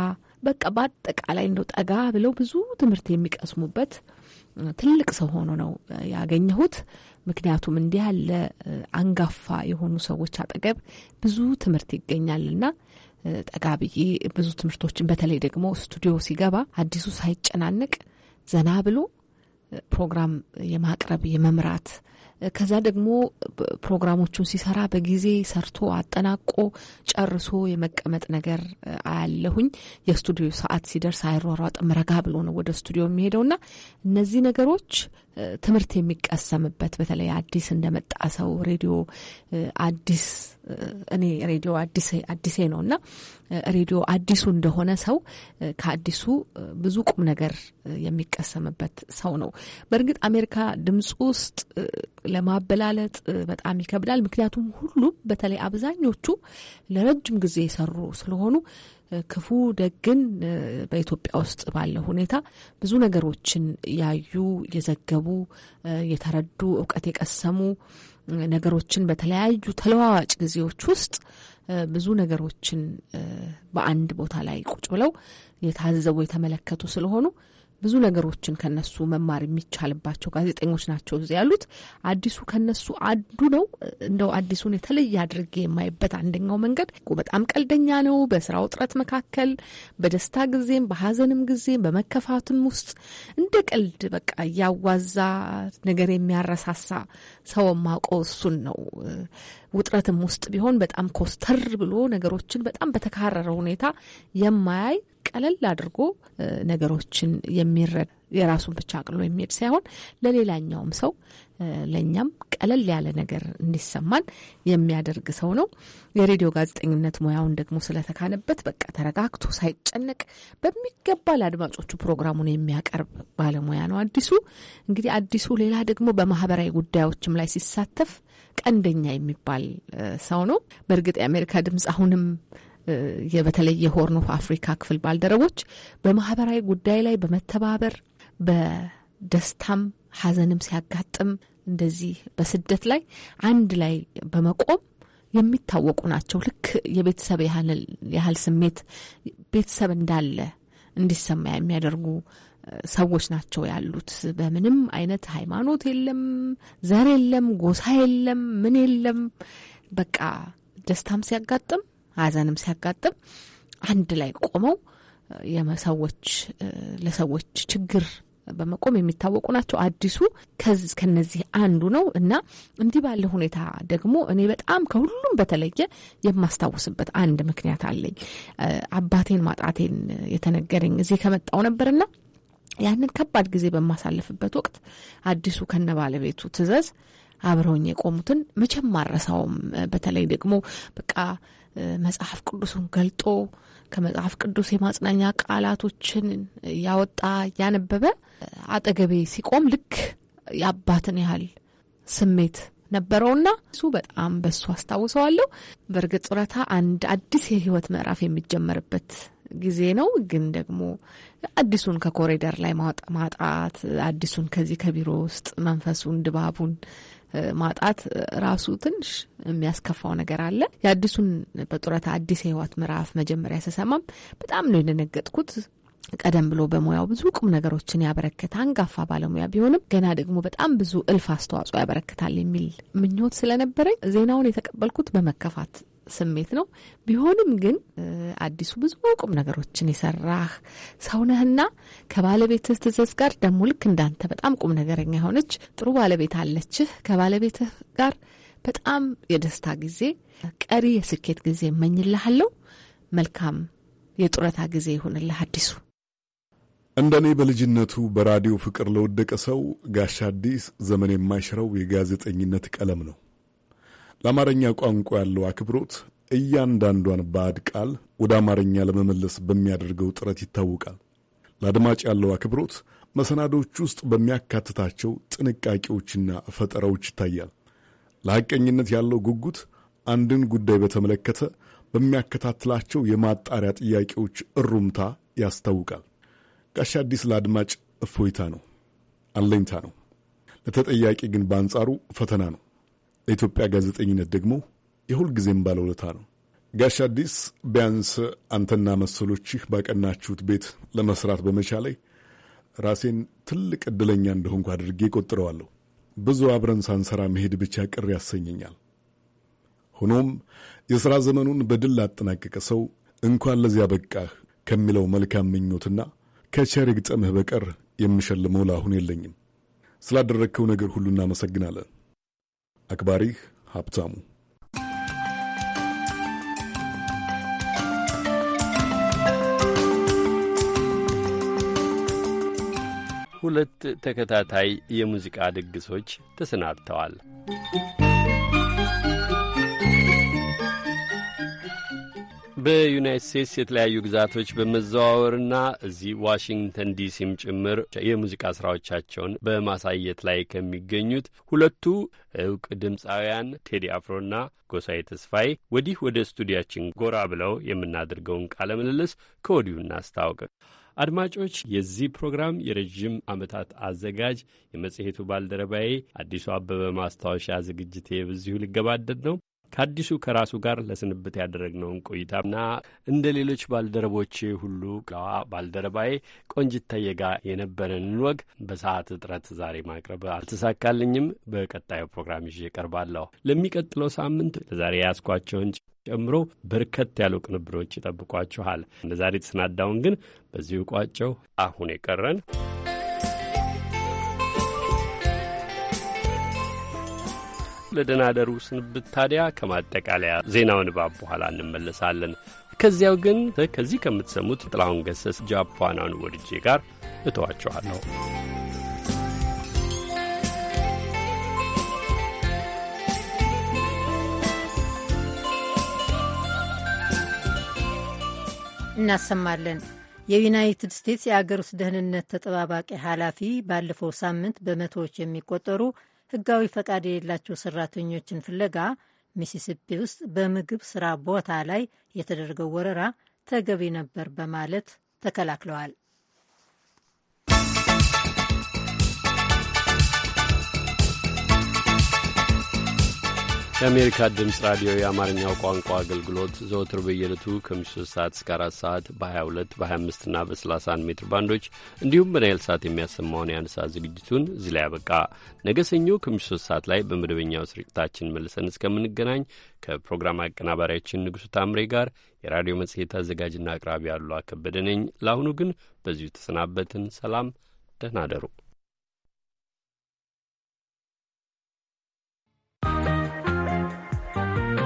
በቃ በአጠቃላይ እንደው ጠጋ ብለው ብዙ ትምህርት የሚቀስሙበት ትልቅ ሰው ሆኖ ነው ያገኘሁት። ምክንያቱም እንዲህ ያለ አንጋፋ የሆኑ ሰዎች አጠገብ ብዙ ትምህርት ይገኛልና ጠጋ ብዬ ብዙ ትምህርቶችን በተለይ ደግሞ ስቱዲዮ ሲገባ አዲሱ ሳይጨናነቅ ዘና ብሎ ፕሮግራም የማቅረብ የመምራት ከዛ ደግሞ ፕሮግራሞቹን ሲሰራ በጊዜ ሰርቶ አጠናቆ ጨርሶ የመቀመጥ ነገር አያለሁኝ። የስቱዲዮ ሰዓት ሲደርስ አይሯሯጥም፣ ረጋ ብሎ ነው ወደ ስቱዲዮ የሚሄደው እና እነዚህ ነገሮች ትምህርት የሚቀሰምበት በተለይ አዲስ እንደመጣ ሰው ሬዲዮ አዲስ እኔ ሬዲዮ አዲሴ ነው እና ሬዲዮ አዲሱ እንደሆነ ሰው ከአዲሱ ብዙ ቁም ነገር የሚቀሰምበት ሰው ነው። በእርግጥ አሜሪካ ድምፅ ውስጥ ለማበላለጥ በጣም ይከብዳል። ምክንያቱም ሁሉም በተለይ አብዛኞቹ ለረጅም ጊዜ የሰሩ ስለሆኑ ክፉ ደግን በኢትዮጵያ ውስጥ ባለው ሁኔታ ብዙ ነገሮችን ያዩ፣ የዘገቡ፣ የተረዱ፣ እውቀት የቀሰሙ ነገሮችን በተለያዩ ተለዋዋጭ ጊዜዎች ውስጥ ብዙ ነገሮችን በአንድ ቦታ ላይ ቁጭ ብለው የታዘቡ የተመለከቱ ስለሆኑ ብዙ ነገሮችን ከነሱ መማር የሚቻልባቸው ጋዜጠኞች ናቸው እዚ ያሉት። አዲሱ ከነሱ አንዱ ነው። እንደው አዲሱን የተለየ አድርጌ የማይበት አንደኛው መንገድ በጣም ቀልደኛ ነው። በስራ ውጥረት መካከል በደስታ ጊዜም በሀዘንም ጊዜም በመከፋትም ውስጥ እንደ ቀልድ በቃ እያዋዛ ነገር የሚያረሳሳ ሰው ማውቀው እሱን ነው። ውጥረትም ውስጥ ቢሆን በጣም ኮስተር ብሎ ነገሮችን በጣም በተካረረ ሁኔታ የማያይ ቀለል አድርጎ ነገሮችን የሚረዳ የራሱን ብቻ አቅሎ የሚሄድ ሳይሆን ለሌላኛውም ሰው ለእኛም ቀለል ያለ ነገር እንዲሰማን የሚያደርግ ሰው ነው። የሬዲዮ ጋዜጠኝነት ሙያውን ደግሞ ስለተካነበት በቃ ተረጋግቶ ሳይጨነቅ በሚገባ ለአድማጮቹ ፕሮግራሙን የሚያቀርብ ባለሙያ ነው አዲሱ። እንግዲህ አዲሱ ሌላ ደግሞ በማህበራዊ ጉዳዮችም ላይ ሲሳተፍ ቀንደኛ የሚባል ሰው ነው። በእርግጥ የአሜሪካ ድምፅ አሁንም በተለይ የሆርኖ ኦፍ አፍሪካ ክፍል ባልደረቦች በማህበራዊ ጉዳይ ላይ በመተባበር በደስታም ሐዘንም ሲያጋጥም እንደዚህ በስደት ላይ አንድ ላይ በመቆም የሚታወቁ ናቸው። ልክ የቤተሰብ ያህል ስሜት ቤተሰብ እንዳለ እንዲሰማ የሚያደርጉ ሰዎች ናቸው ያሉት። በምንም አይነት ሃይማኖት የለም፣ ዘር የለም፣ ጎሳ የለም፣ ምን የለም። በቃ ደስታም ሲያጋጥም ሀዘንም ሲያጋጥም አንድ ላይ ቆመው የሰዎች ለሰዎች ችግር በመቆም የሚታወቁ ናቸው። አዲሱ ከነዚህ አንዱ ነው እና እንዲህ ባለ ሁኔታ ደግሞ እኔ በጣም ከሁሉም በተለየ የማስታውስበት አንድ ምክንያት አለኝ። አባቴን ማጣቴን የተነገረኝ እዚህ ከመጣው ነበርና ያንን ከባድ ጊዜ በማሳልፍበት ወቅት አዲሱ ከነ ባለቤቱ ትዕዘዝ አብረውኝ የቆሙትን መቼም አረሳውም። በተለይ ደግሞ በቃ መጽሐፍ ቅዱሱን ገልጦ ከመጽሐፍ ቅዱስ የማጽናኛ ቃላቶችን ያወጣ ያነበበ አጠገቤ ሲቆም ልክ የአባትን ያህል ስሜት ነበረውና እሱ በጣም በሱ አስታውሰዋለሁ። በእርግጥ ጡረታ አንድ አዲስ የህይወት ምዕራፍ የሚጀመርበት ጊዜ ነው። ግን ደግሞ አዲሱን ከኮሪደር ላይ ማጣት አዲሱን ከዚህ ከቢሮ ውስጥ መንፈሱን ድባቡን ማጣት ራሱ ትንሽ የሚያስከፋው ነገር አለ። የአዲሱን በጡረታ አዲስ የህይወት ምዕራፍ መጀመሪያ ስሰማም በጣም ነው የደነገጥኩት። ቀደም ብሎ በሙያው ብዙ ቁም ነገሮችን ያበረከተ አንጋፋ ባለሙያ ቢሆንም ገና ደግሞ በጣም ብዙ እልፍ አስተዋጽኦ ያበረክታል የሚል ምኞት ስለነበረኝ ዜናውን የተቀበልኩት በመከፋት ስሜት ነው። ቢሆንም ግን አዲሱ ብዙ ቁም ነገሮችን የሰራህ ሰውነህና ከባለቤትህ ትዘዝ ጋር ደግሞ ልክ እንዳንተ በጣም ቁም ነገረኛ የሆነች ጥሩ ባለቤት አለችህ። ከባለቤትህ ጋር በጣም የደስታ ጊዜ፣ ቀሪ የስኬት ጊዜ እመኝልሃለሁ። መልካም የጡረታ ጊዜ ይሁንልህ አዲሱ። እንደኔ በልጅነቱ በራዲዮ ፍቅር ለወደቀ ሰው ጋሻ አዲስ ዘመን የማይሽረው የጋዜጠኝነት ቀለም ነው። ለአማርኛ ቋንቋ ያለው አክብሮት እያንዳንዷን ባዕድ ቃል ወደ አማርኛ ለመመለስ በሚያደርገው ጥረት ይታወቃል። ለአድማጭ ያለው አክብሮት መሰናዶች ውስጥ በሚያካትታቸው ጥንቃቄዎችና ፈጠራዎች ይታያል። ለሐቀኝነት ያለው ጉጉት አንድን ጉዳይ በተመለከተ በሚያከታትላቸው የማጣሪያ ጥያቄዎች እሩምታ ያስታውቃል። ጋሻ አዲስ ለአድማጭ እፎይታ ነው፣ አለኝታ ነው። ለተጠያቂ ግን በአንጻሩ ፈተና ነው። ለኢትዮጵያ ጋዜጠኝነት ደግሞ የሁልጊዜም ባለውለታ ነው። ጋሽ አዲስ ቢያንስ አንተና መሰሎችህ ባቀናችሁት ቤት ለመስራት በመቻሌ ራሴን ትልቅ ዕድለኛ እንደሆንኩ አድርጌ ቆጥረዋለሁ። ብዙ አብረን ሳንሰራ መሄድ ብቻ ቅር ያሰኘኛል። ሆኖም የሥራ ዘመኑን በድል ላጠናቀቀ ሰው እንኳን ለዚያ በቃህ ከሚለው መልካም ምኞትና ከቸር ግጥምህ በቀር የምሸልመው ለአሁን የለኝም። ስላደረግከው ነገር ሁሉ እናመሰግናለን። አክባሪህ ሀብታሙ። ሁለት ተከታታይ የሙዚቃ ድግሶች ተሰናድተዋል። በዩናይት ስቴትስ የተለያዩ ግዛቶች በመዘዋወርና እዚህ ዋሽንግተን ዲሲም ጭምር የሙዚቃ ስራዎቻቸውን በማሳየት ላይ ከሚገኙት ሁለቱ እውቅ ድምፃውያን ቴዲ አፍሮና ጎሳዬ ተስፋዬ ወዲህ ወደ ስቱዲያችን ጎራ ብለው የምናደርገውን ቃለ ምልልስ ከወዲሁ እናስታውቅ። አድማጮች የዚህ ፕሮግራም የረዥም ዓመታት አዘጋጅ የመጽሔቱ ባልደረባዬ አዲሱ አበበ ማስታወሻ ዝግጅቴ በዚሁ ሊገባደድ ነው። ከአዲሱ ከራሱ ጋር ለስንብት ያደረግነውን ቆይታና እንደ ሌሎች ባልደረቦቼ ሁሉ ለዋ ባልደረባዬ ቆንጅታዬ ጋር የነበረንን ወግ በሰዓት እጥረት ዛሬ ማቅረብ አልተሳካልኝም። በቀጣዩ ፕሮግራም ይዤ እቀርባለሁ። ለሚቀጥለው ሳምንት ለዛሬ ያስኳቸውን ጨምሮ በርከት ያሉ ቅንብሮች ይጠብቋችኋል። ለዛሬ የተሰናዳውን ግን በዚሁ ቋጨው። አሁን የቀረን ለደናደሩ ስንብት ታዲያ ከማጠቃለያ ዜናው ንባብ በኋላ እንመለሳለን። ከዚያው ግን ከዚህ ከምትሰሙት ጥላሁን ገሰስ ጃፓናን ወድጄ ጋር እተዋችኋለሁ። እናሰማለን። የዩናይትድ ስቴትስ የአገር ውስጥ ደህንነት ተጠባባቂ ኃላፊ ባለፈው ሳምንት በመቶዎች የሚቆጠሩ ህጋዊ ፈቃድ የሌላቸው ሰራተኞችን ፍለጋ ሚሲሲፒ ውስጥ በምግብ ስራ ቦታ ላይ የተደረገው ወረራ ተገቢ ነበር በማለት ተከላክለዋል። የአሜሪካ ድምፅ ራዲዮ የአማርኛው ቋንቋ አገልግሎት ዘወትር በየለቱ ከምሽቱ 3 ሰዓት እስከ 4 ሰዓት በ22 በ25 እና በ31 ሜትር ባንዶች እንዲሁም በናይል ሰዓት የሚያሰማውን የአንሳ ዝግጅቱን እዚህ ላይ ያበቃ። ነገ ሰኞ ከምሽቱ 3 ሰዓት ላይ በመደበኛው ስርጭታችን መልሰን እስከምንገናኝ ከፕሮግራም አቀናባሪያችን ንጉሱ ታምሬ ጋር የራዲዮ መጽሔት አዘጋጅና አቅራቢ ያሉ ከበደ ነኝ። ለአሁኑ ግን በዚሁ ተሰናበትን። ሰላም፣ ደህና አደሩ።